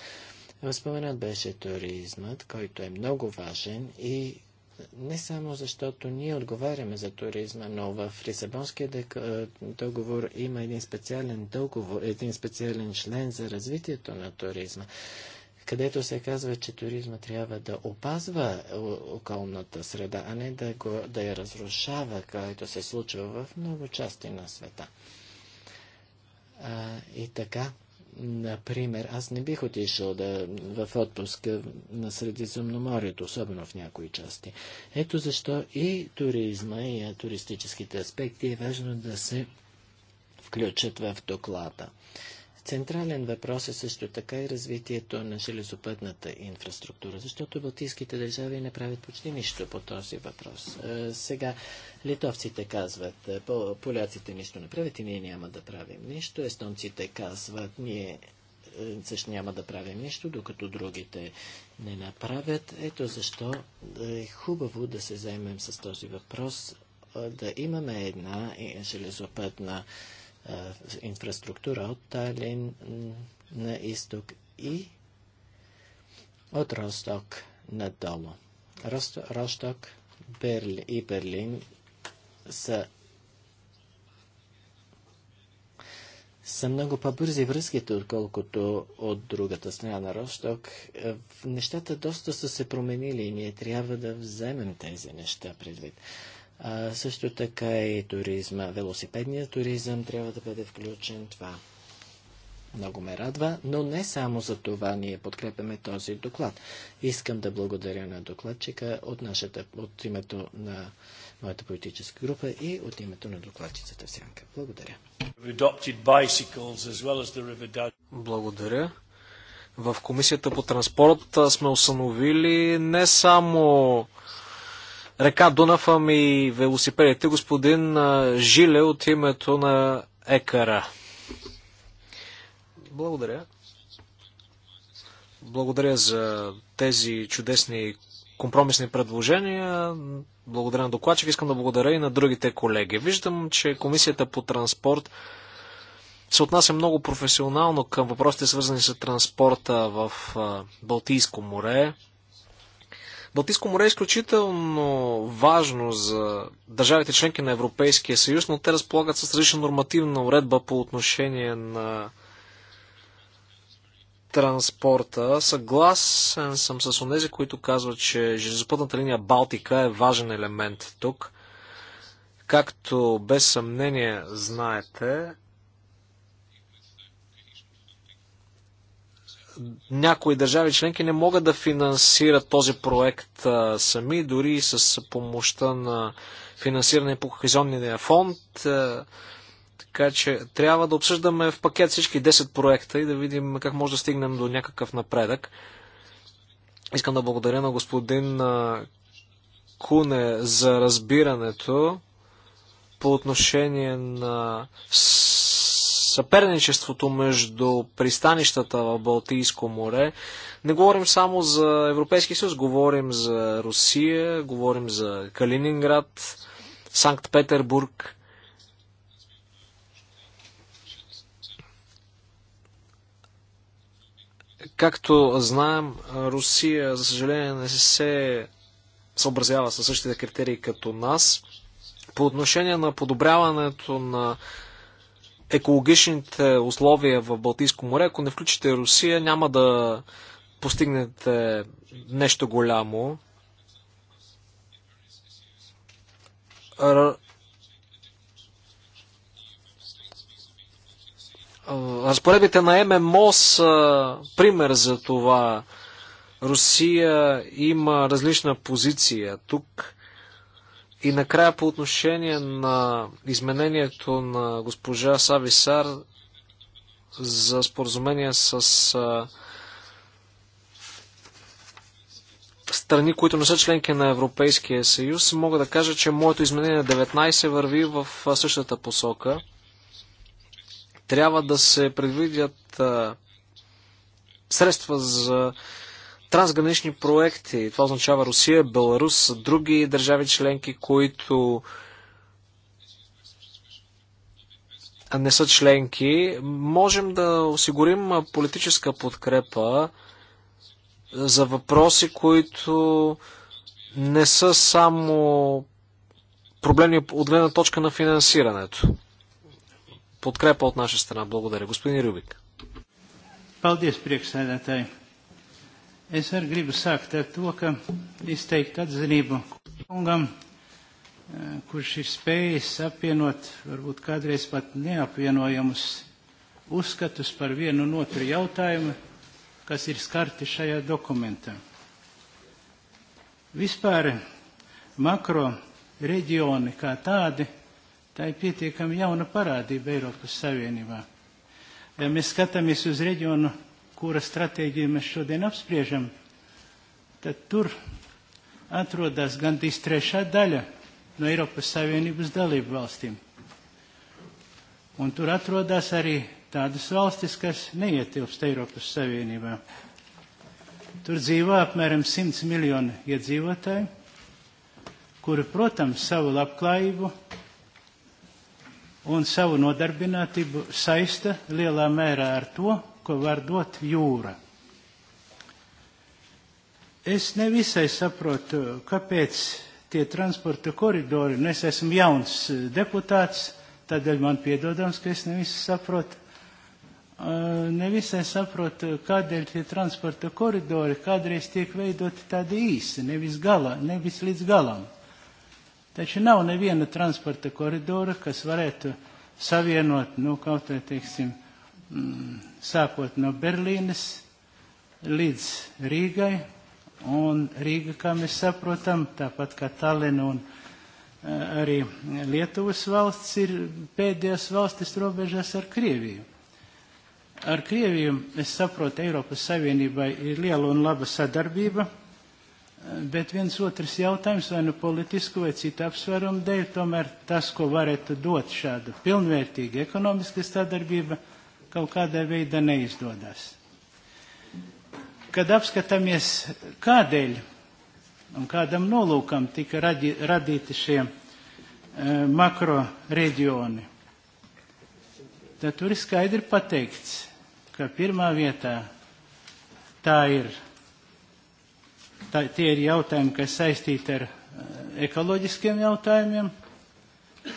Възпоменат беше туризмът, който е много важен и не само защото ние отговаряме за туризма, но в Лисабонския е, договор има един специален, договор, един специален член за развитието на туризма където се казва, че туризма трябва да опазва е, околната среда, а не да, го, да я разрушава, което се случва в много части на света. А, и така, например, аз не бих отишъл да, в отпуска на Средиземноморието, особено в някои части. Ето защо и туризма, и туристическите аспекти е важно да се включат в доклада. Централен въпрос е също така и развитието на железопътната инфраструктура, защото балтийските държави не правят почти нищо по този въпрос. Е, сега литовците казват, е, поляците нищо не правят и ние няма да правим нищо, естонците казват, ние е, също няма да правим нищо, докато другите не направят. Ето защо е хубаво да се заемем с този въпрос, да имаме една железопътна инфраструктура от Талин на изток и от Росток надолу. Рост, Росток Берли и Берлин са са много по-бързи връзките, отколкото от другата страна на Росток. Е, нещата доста са се променили и ние трябва да вземем тези неща предвид. А, също така е и туризма, велосипедният туризъм трябва да бъде включен това. Много ме радва, но не само за това ние подкрепяме този доклад. Искам да благодаря на докладчика от, нашата, от името на моята политическа група и от името на докладчицата Сянка. Благодаря. Благодаря. В Комисията по транспорт сме установили не само река Дунав ми велосипедите, господин Жиле от името на Екара. Благодаря. Благодаря за тези чудесни компромисни предложения. Благодаря на докладчик. Искам да благодаря и на другите колеги. Виждам, че Комисията по транспорт се отнася много професионално към въпросите, свързани с транспорта в Балтийско море. Балтийско море е изключително важно за държавите членки на Европейския съюз, но те разполагат с различна нормативна уредба по отношение на транспорта. Съгласен съм с онези, които казват, че железопътната линия Балтика е важен елемент тук. Както без съмнение знаете, някои държави членки не могат да финансират този проект сами, дори и с помощта на финансиране по хазионния фонд. Така че трябва да обсъждаме в пакет всички 10 проекта и да видим как може да стигнем до някакъв напредък. Искам да благодаря на господин Куне за разбирането по отношение на съперничеството между пристанищата в Балтийско море. Не говорим само за Европейски съюз, говорим за Русия, говорим за Калининград, Санкт-Петербург. Както знаем, Русия, за съжаление, не се съобразява със същите критерии като нас. По отношение на подобряването на екологичните условия в Балтийско море, ако не включите Русия, няма да постигнете нещо голямо. Разпоредбите на ММО са пример за това. Русия има различна позиция тук. И накрая по отношение на изменението на госпожа Сависар за споразумение с а, страни, които не са членки на Европейския съюз, мога да кажа, че моето изменение на 19 върви в същата посока. Трябва да се предвидят а, средства за трансгранични проекти. Това означава Русия, Беларус, други държави членки, които не са членки. Можем да осигурим политическа подкрепа за въпроси, които не са само проблеми от гледна точка на финансирането. Подкрепа от наша страна. Благодаря. Господин Рюбик. Благодаря, priekšsēdētāji. Es arī gribu sākt ar to, ka izteikt atzinību kungam, kurš ir spējis apvienot varbūt kādreiz pat neapvienojamus uzskatus par vienu un otru jautājumu, kas ir skarti šajā dokumentā. Vispār makro reģioni kā tādi, tā ir pietiekami jauna parādība Eiropas Savienībā. Ja mēs skatāmies uz reģionu kura stratēģija mēs šodien apspriežam, tad tur atrodas gandrīz trešā daļa no Eiropas Savienības dalību valstīm. Un tur atrodas arī tādas valstis, kas neietilpst Eiropas Savienībā. Tur dzīvo apmēram 100 miljoni iedzīvotāji, kuri, protams, savu labklājību un savu nodarbinātību saista lielā mērā ar to, dot jūra. Es nevisai saprotu, kāpēc tie transporta koridori, un es esmu jauns deputāts, tādēļ man piedodams, ka es nevisai saprotu. Ne saprotu, kādēļ tie transporta koridori kādreiz tiek veidoti tādi īsi, nevis, galā, nevis līdz galam. Taču nav neviena transporta koridora, kas varētu savienot, nu, kaut vai, teiksim, sākot no Berlīnes līdz Rīgai. Un Rīga, kā mēs saprotam, tāpat kā Tallina un arī Lietuvas valsts, ir pēdējās valstis robežās ar Krieviju. Ar Krieviju, es saprotu, Eiropas Savienībai ir liela un laba sadarbība, bet viens otrs jautājums, vai nu politisku vai citu apsvērumu dēļ, tomēr tas, ko varētu dot šāda pilnvērtīga ekonomiska sadarbība – kaut kādā veidā neizdodas. Kad apskatāmies, kādēļ un kādam nolūkam tika radi, radīti šie e, makro reģioni, tad tur ir skaidri pateikts, ka pirmā vietā tā ir, tā, tie ir jautājumi, kas saistīti ar ekoloģiskiem jautājumiem,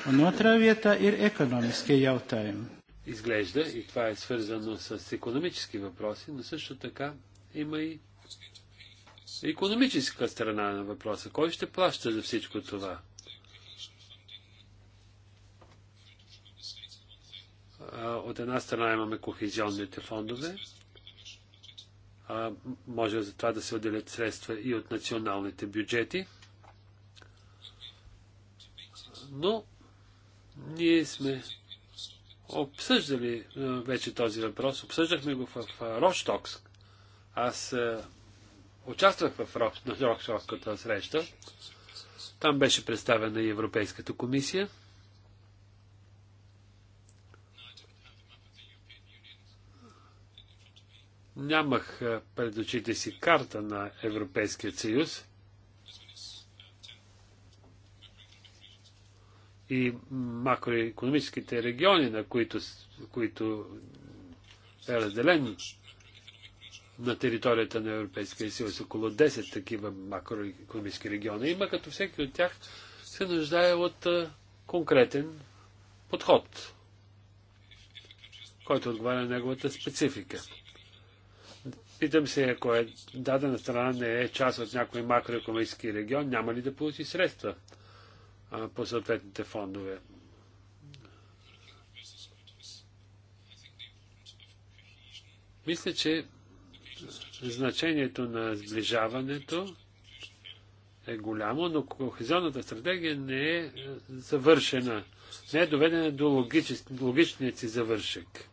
un otrā vietā ir ekonomiskie jautājumi изглежда, и това е свързано с економически въпроси, но също така има и економическа страна на въпроса. Кой ще плаща за всичко това? От една страна имаме кохезионните фондове, а може за това да се отделят средства и от националните бюджети. Но ние сме обсъждали вече този въпрос. Обсъждахме го в Роштокс. Аз участвах в Роштокската среща. Там беше представена и Европейската комисия. Нямах пред очите си карта на Европейския съюз. и макроекономическите региони, на които, които е разделен на територията на Европейския съюз. Около 10 такива макроекономически региона има, като всеки от тях се нуждае от конкретен подход, който отговаря на неговата специфика. Питам се, ако е дадена страна не е част от някой макроекономически регион, няма ли да получи средства по съответните фондове. Мисля, че значението на сближаването е голямо, но кохезионната стратегия не е, е завършена, не е доведена до логичния си завършек.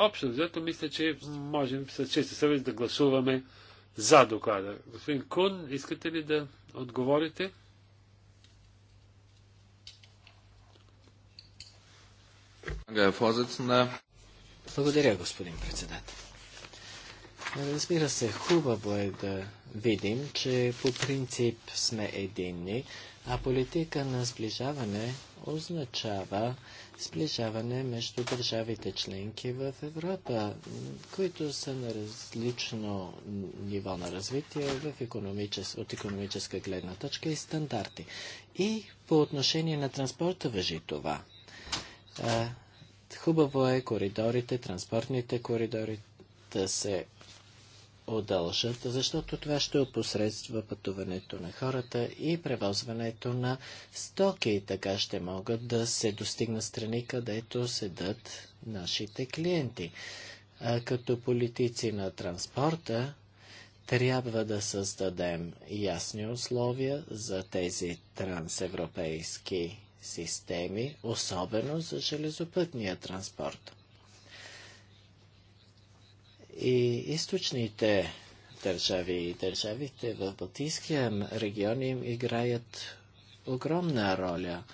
Общо взето мисля, че можем с чиста съвест да гласуваме за доклада. Господин Кун, искате ли да отговорите? Благодаря, господин председател. Разбира се, хубаво е да видим, че по принцип сме единни, а политика на сближаване означава сближаване между държавите членки в Европа, които са на различно ниво на развитие в економичес... от економическа гледна точка и стандарти. И по отношение на транспорта въжи това. Хубаво е коридорите, транспортните коридори да се удължат, защото това ще опосредства пътуването на хората и превозването на стоки. И така ще могат да се достигнат страни, където седат нашите клиенти. А като политици на транспорта, трябва да създадем ясни условия за тези трансевропейски системи, особено за железопътния транспорт. И източните държави и държавите в Балтийския регион им играят огромна роля.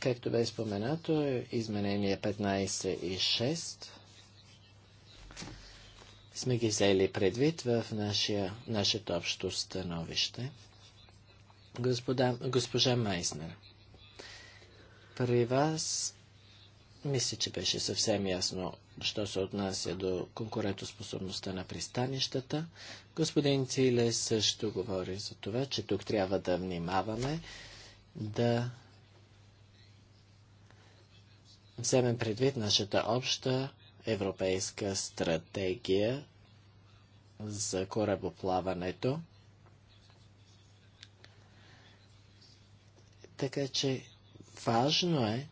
Както бе споменато, изменение 15 и 6 сме ги взели предвид в нашия, нашето общо становище. Господа, госпожа Майснер, при вас мисля, че беше съвсем ясно, що се отнася до конкурентоспособността на пристанищата. Господин Циле също говори за това, че тук трябва да внимаваме да вземем предвид нашата обща европейска стратегия за корабоплаването. Така че важно е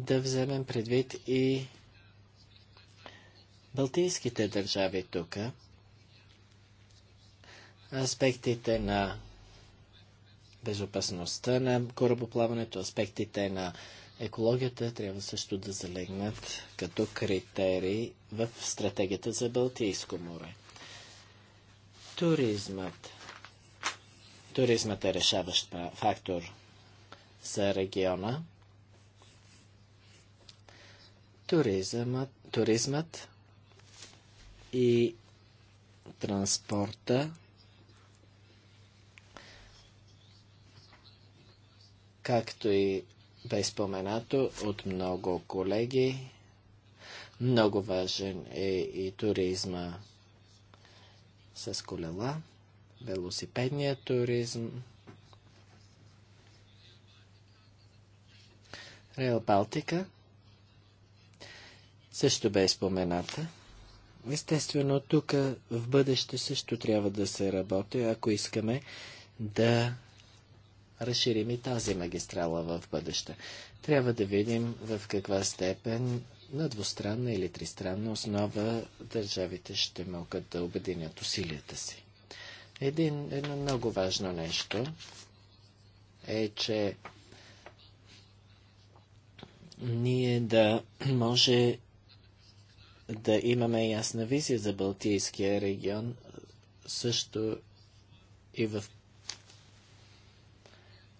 да вземем предвид и Балтийските държави тук, аспектите на безопасността на корабоплаването, аспектите на екологията трябва също да залегнат като критерии в стратегията за Балтийско море. Туризмът. Туризмът е решаващ фактор за региона туризмът, туризмът и транспорта, както и бе споменато от много колеги, много важен е и туризма с колела, велосипедния туризм, Рейл Балтика – също бе спомената. Естествено, тук в бъдеще също трябва да се работи, ако искаме да разширим и тази магистрала в бъдеще. Трябва да видим в каква степен на двустранна или тристранна основа държавите ще могат да обединят усилията си. Един, едно много важно нещо е, че ние да може да имаме ясна визия за Балтийския регион, също и в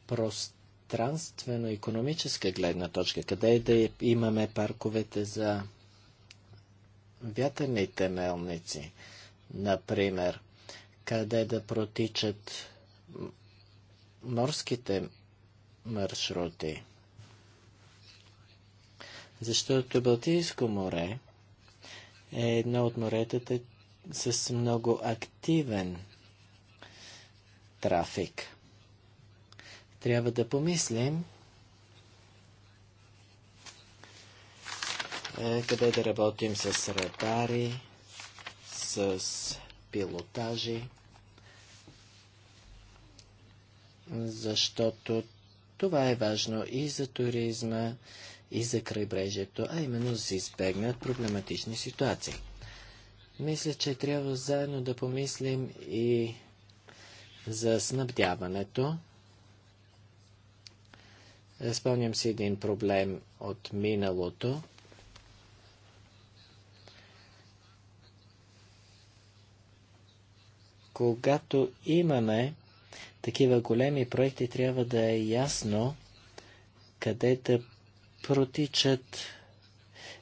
пространствено-економическа гледна точка, къде е да имаме парковете за вятърните мелници, например, къде да протичат морските маршрути. Защото Балтийско море е едно от моретата с много активен трафик. Трябва да помислим е, къде да работим с радари, с пилотажи, защото това е важно и за туризма, и за крайбрежието, а именно да се избегнат проблематични ситуации. Мисля, че трябва заедно да помислим и за снабдяването. Спомням си един проблем от миналото. Когато имаме такива големи проекти, трябва да е ясно къде да протичат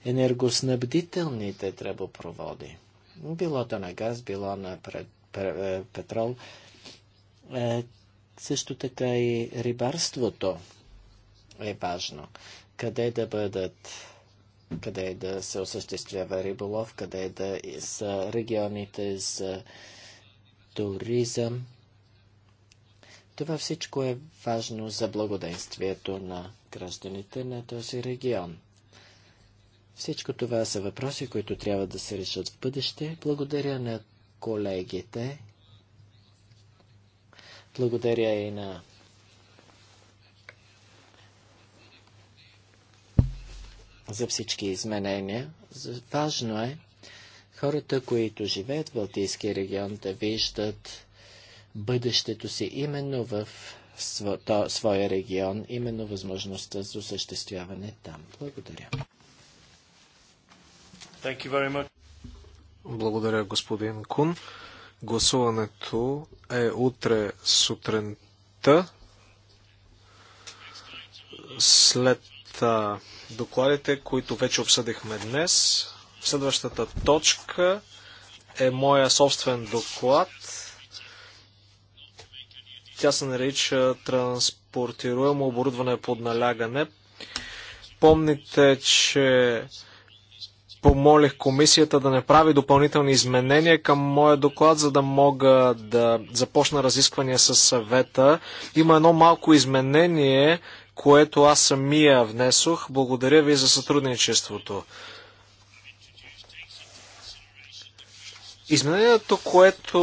енергоснабдителните тръбопроводи. Било то на газ, било на е, петрол. Е, също така и рибарството е важно. Къде да бъдат, къде да се осъществява риболов, къде да са регионите за туризъм. Това всичко е важно за благоденствието на гражданите на този регион. Всичко това са въпроси, които трябва да се решат в бъдеще. Благодаря на колегите. Благодаря и на за всички изменения. Важно е хората, които живеят в Балтийския регион, да виждат бъдещето си именно в своя регион, именно възможността за осъществяване там. Благодаря. Thank you very much. Благодаря, господин Кун. Гласуването е утре сутринта след а, докладите, които вече обсъдихме днес. Следващата точка е моя собствен доклад тя се нарича транспортируемо оборудване под налягане. Помните, че помолих комисията да не прави допълнителни изменения към моя доклад, за да мога да започна разисквания с съвета. Има едно малко изменение, което аз самия внесох. Благодаря ви за сътрудничеството. Изменението, което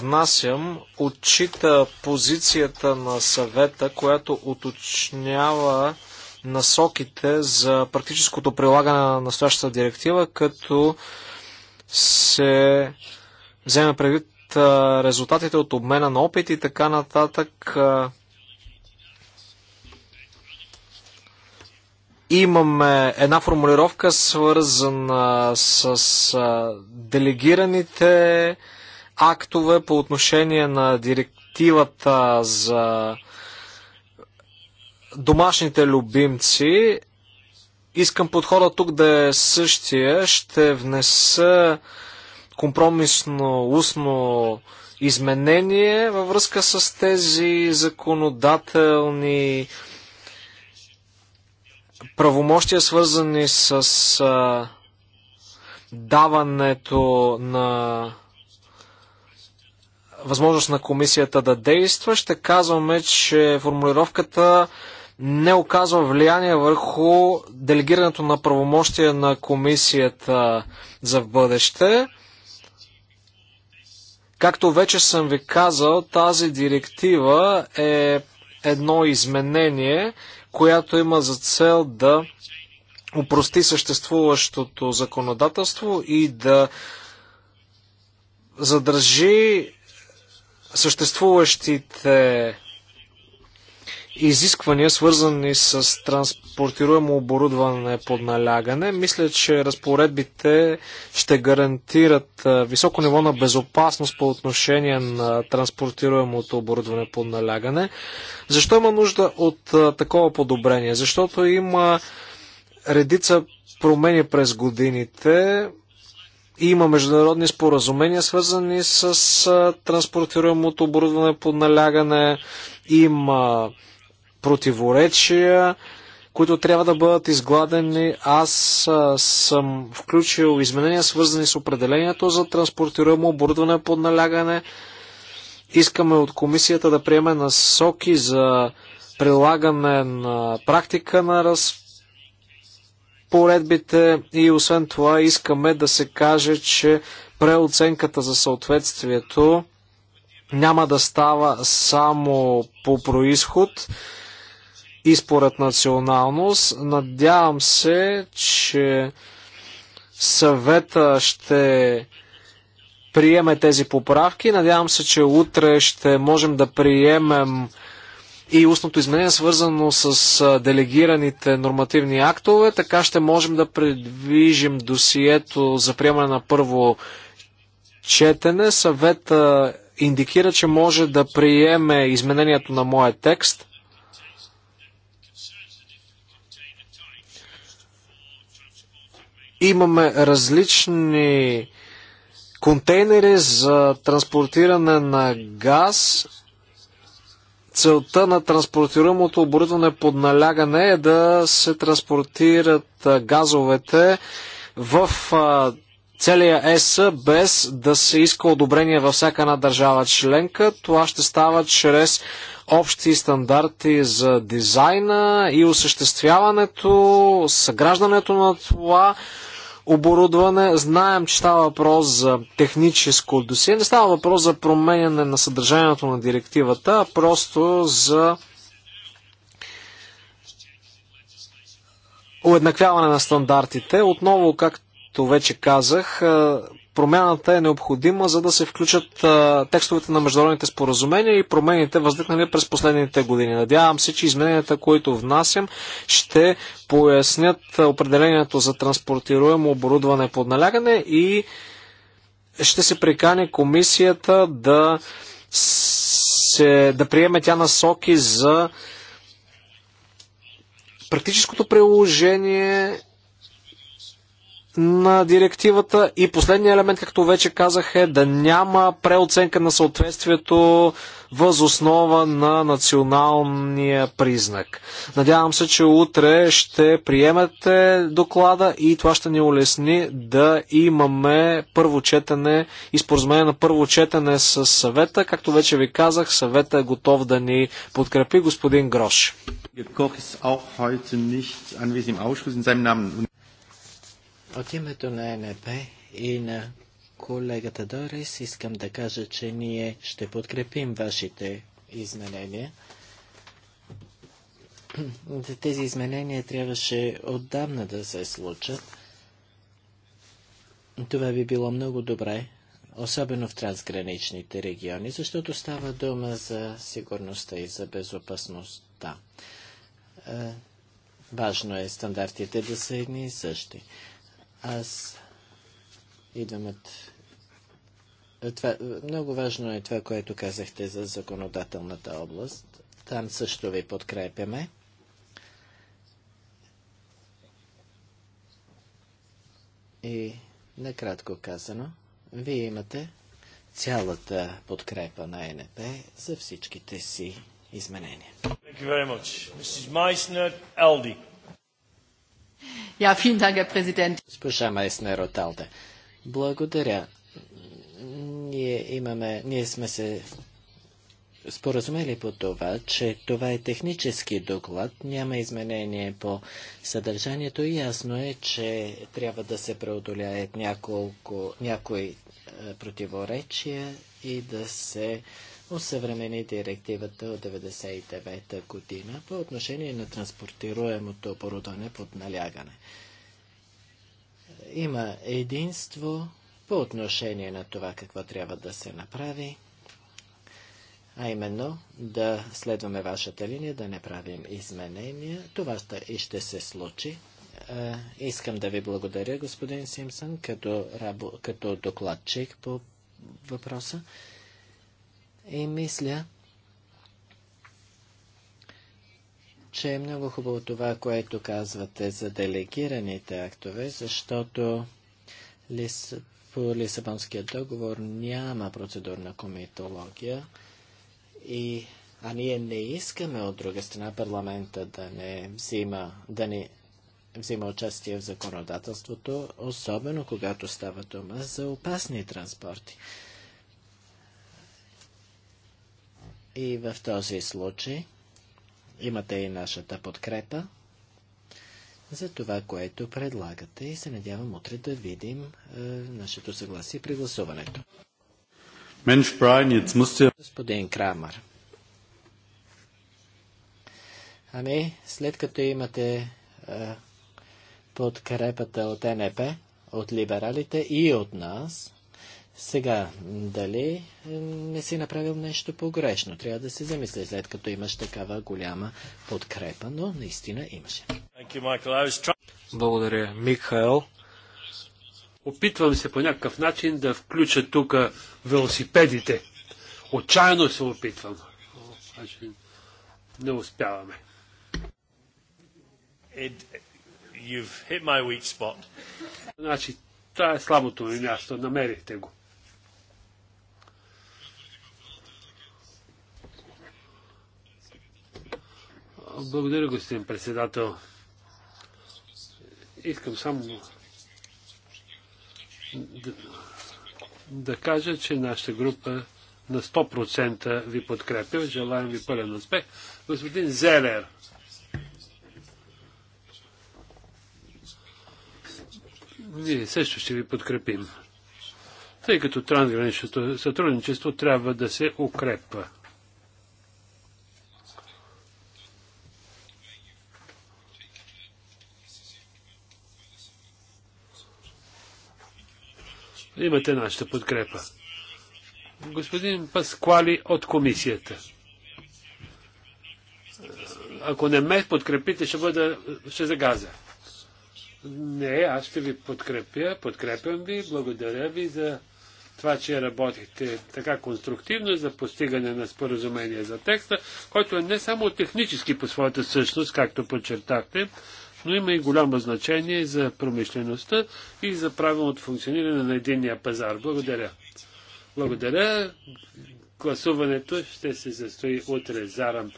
внасям, отчита позицията на съвета, която уточнява насоките за практическото прилагане на настоящата директива, като се вземе предвид резултатите от обмена на опит и така нататък. Имаме една формулировка, свързана с делегираните актове по отношение на директивата за домашните любимци. Искам подхода тук да е същия. Ще внеса компромисно устно изменение във връзка с тези законодателни правомощия, свързани с а, даването на възможност на комисията да действа, ще казваме, че формулировката не оказва влияние върху делегирането на правомощия на комисията за в бъдеще. Както вече съм ви казал, тази директива е едно изменение, която има за цел да упрости съществуващото законодателство и да задържи съществуващите изисквания, свързани с транспортируемо оборудване под налягане. Мисля, че разпоредбите ще гарантират високо ниво на безопасност по отношение на транспортируемото оборудване под налягане. Защо има нужда от такова подобрение? Защото има редица промени през годините. Има международни споразумения, свързани с транспортируемото оборудване под налягане. Има противоречия, които трябва да бъдат изгладени. Аз а, съм включил изменения, свързани с определението за транспортируемо оборудване под налягане. Искаме от комисията да приеме насоки за прилагане на практика на разпоредбите и освен това искаме да се каже, че преоценката за съответствието няма да става само по происход, и според националност. Надявам се, че съвета ще приеме тези поправки. Надявам се, че утре ще можем да приемем и устното изменение, свързано с делегираните нормативни актове. Така ще можем да предвижим досието за приемане на първо четене. Съвета индикира, че може да приеме изменението на моя текст. Имаме различни контейнери за транспортиране на газ. Целта на транспортируемото оборудване под налягане е да се транспортират газовете в целия ЕС без да се иска одобрение във всяка една държава членка. Това ще става чрез общи стандарти за дизайна и осъществяването, съграждането на това оборудване. Знаем, че става въпрос за техническо досие. Не става въпрос за променяне на съдържанието на директивата, а просто за уеднаквяване на стандартите. Отново, както вече казах, промяната е необходима, за да се включат а, текстовете на международните споразумения и промените, възникнали през последните години. Надявам се, че измененията, които внасям, ще пояснят определението за транспортируемо оборудване под налягане и ще се прикани комисията да, се, да приеме тя насоки за практическото приложение на директивата. И последният елемент, както вече казах, е да няма преоценка на съответствието въз основа на националния признак. Надявам се, че утре ще приемете доклада и това ще ни улесни да имаме първо четене и споразумение на първо четене с съвета. Както вече ви казах, съвета е готов да ни подкрепи господин Грош. От името на НП и на колегата Дорис искам да кажа, че ние ще подкрепим вашите изменения. Тези изменения трябваше отдавна да се случат. Това би било много добре, особено в трансграничните региони, защото става дума за сигурността и за безопасността. Е, важно е стандартите да са едни и същи. Аз идвам от... Това, много важно е това, което казахте за законодателната област. Там също ви подкрепяме. И накратко казано, вие имате цялата подкрепа на НП за всичките си изменения. Thank you very much. Mrs. Meissner, Ja, vielen Dank, Herr Präsident. Госпожа Майснер от Алде. Благодаря. Ние имаме, ние сме се споразумели по това, че това е технически доклад, няма изменение по съдържанието и ясно е, че трябва да се преодоляят няколко, някои е, противоречия и да се осъвремени директивата от 1999 година по отношение на транспортируемото оборудване под налягане. Има единство по отношение на това какво трябва да се направи, а именно да следваме вашата линия, да не правим изменения. Това и ще се случи. Е, искам да ви благодаря, господин Симпсън, като, като докладчик по въпроса. И мисля, че е много хубаво това, което казвате за делегираните актове, защото лис... по Лисабонския договор няма процедурна комитология, и... а ние не искаме от друга страна парламента да не взима, да не взима участие в законодателството, особено когато става дума за опасни транспорти. И в този случай имате и нашата подкрепа за това, което предлагате и се надявам утре да видим е, нашето съгласие при гласуването. Менш, Брайан, Господин Крамър. Ами, след като имате е, подкрепата от НП, от либералите и от нас, сега, дали не си направил нещо погрешно? Трябва да се замисли, след като имаш такава голяма подкрепа, но наистина имаше. Благодаря, Михаил. Опитвам се по някакъв начин да включа тук велосипедите. Отчаяно се опитвам. Значи, не успяваме. Значи, това е слабото ми място. Намерихте го. Благодаря, господин председател. Искам само да, да кажа, че нашата група на 100% ви подкрепя. Желаем ви пълен успех. Господин Зелер. Ние също ще ви подкрепим. Тъй като трансграничното сътрудничество трябва да се укрепва. Имате нашата подкрепа. Господин Пасквали от комисията. Ако не ме подкрепите, ще бъда, ще загаза. Не, аз ще ви подкрепя, подкрепям ви, благодаря ви за това, че работихте така конструктивно за постигане на споразумение за текста, който е не само технически по своята същност, както подчертахте, но има и голямо значение за промишлеността и за правилното функциониране на единния пазар. Благодаря. Благодаря. Гласуването ще се състои утре. Зарам.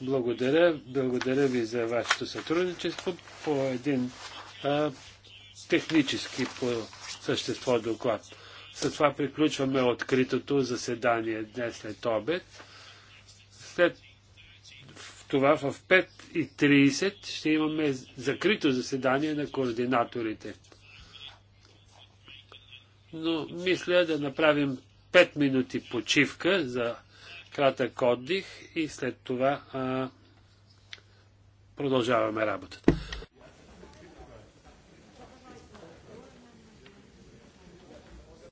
Благодаря. Благодаря ви за вашето сътрудничество по един а, технически по същество доклад. С това приключваме откритото заседание днес след обед. След това в 5.30 ще имаме закрито заседание на координаторите. Но мисля да направим 5 минути почивка за кратък отдих и след това а, продължаваме работата.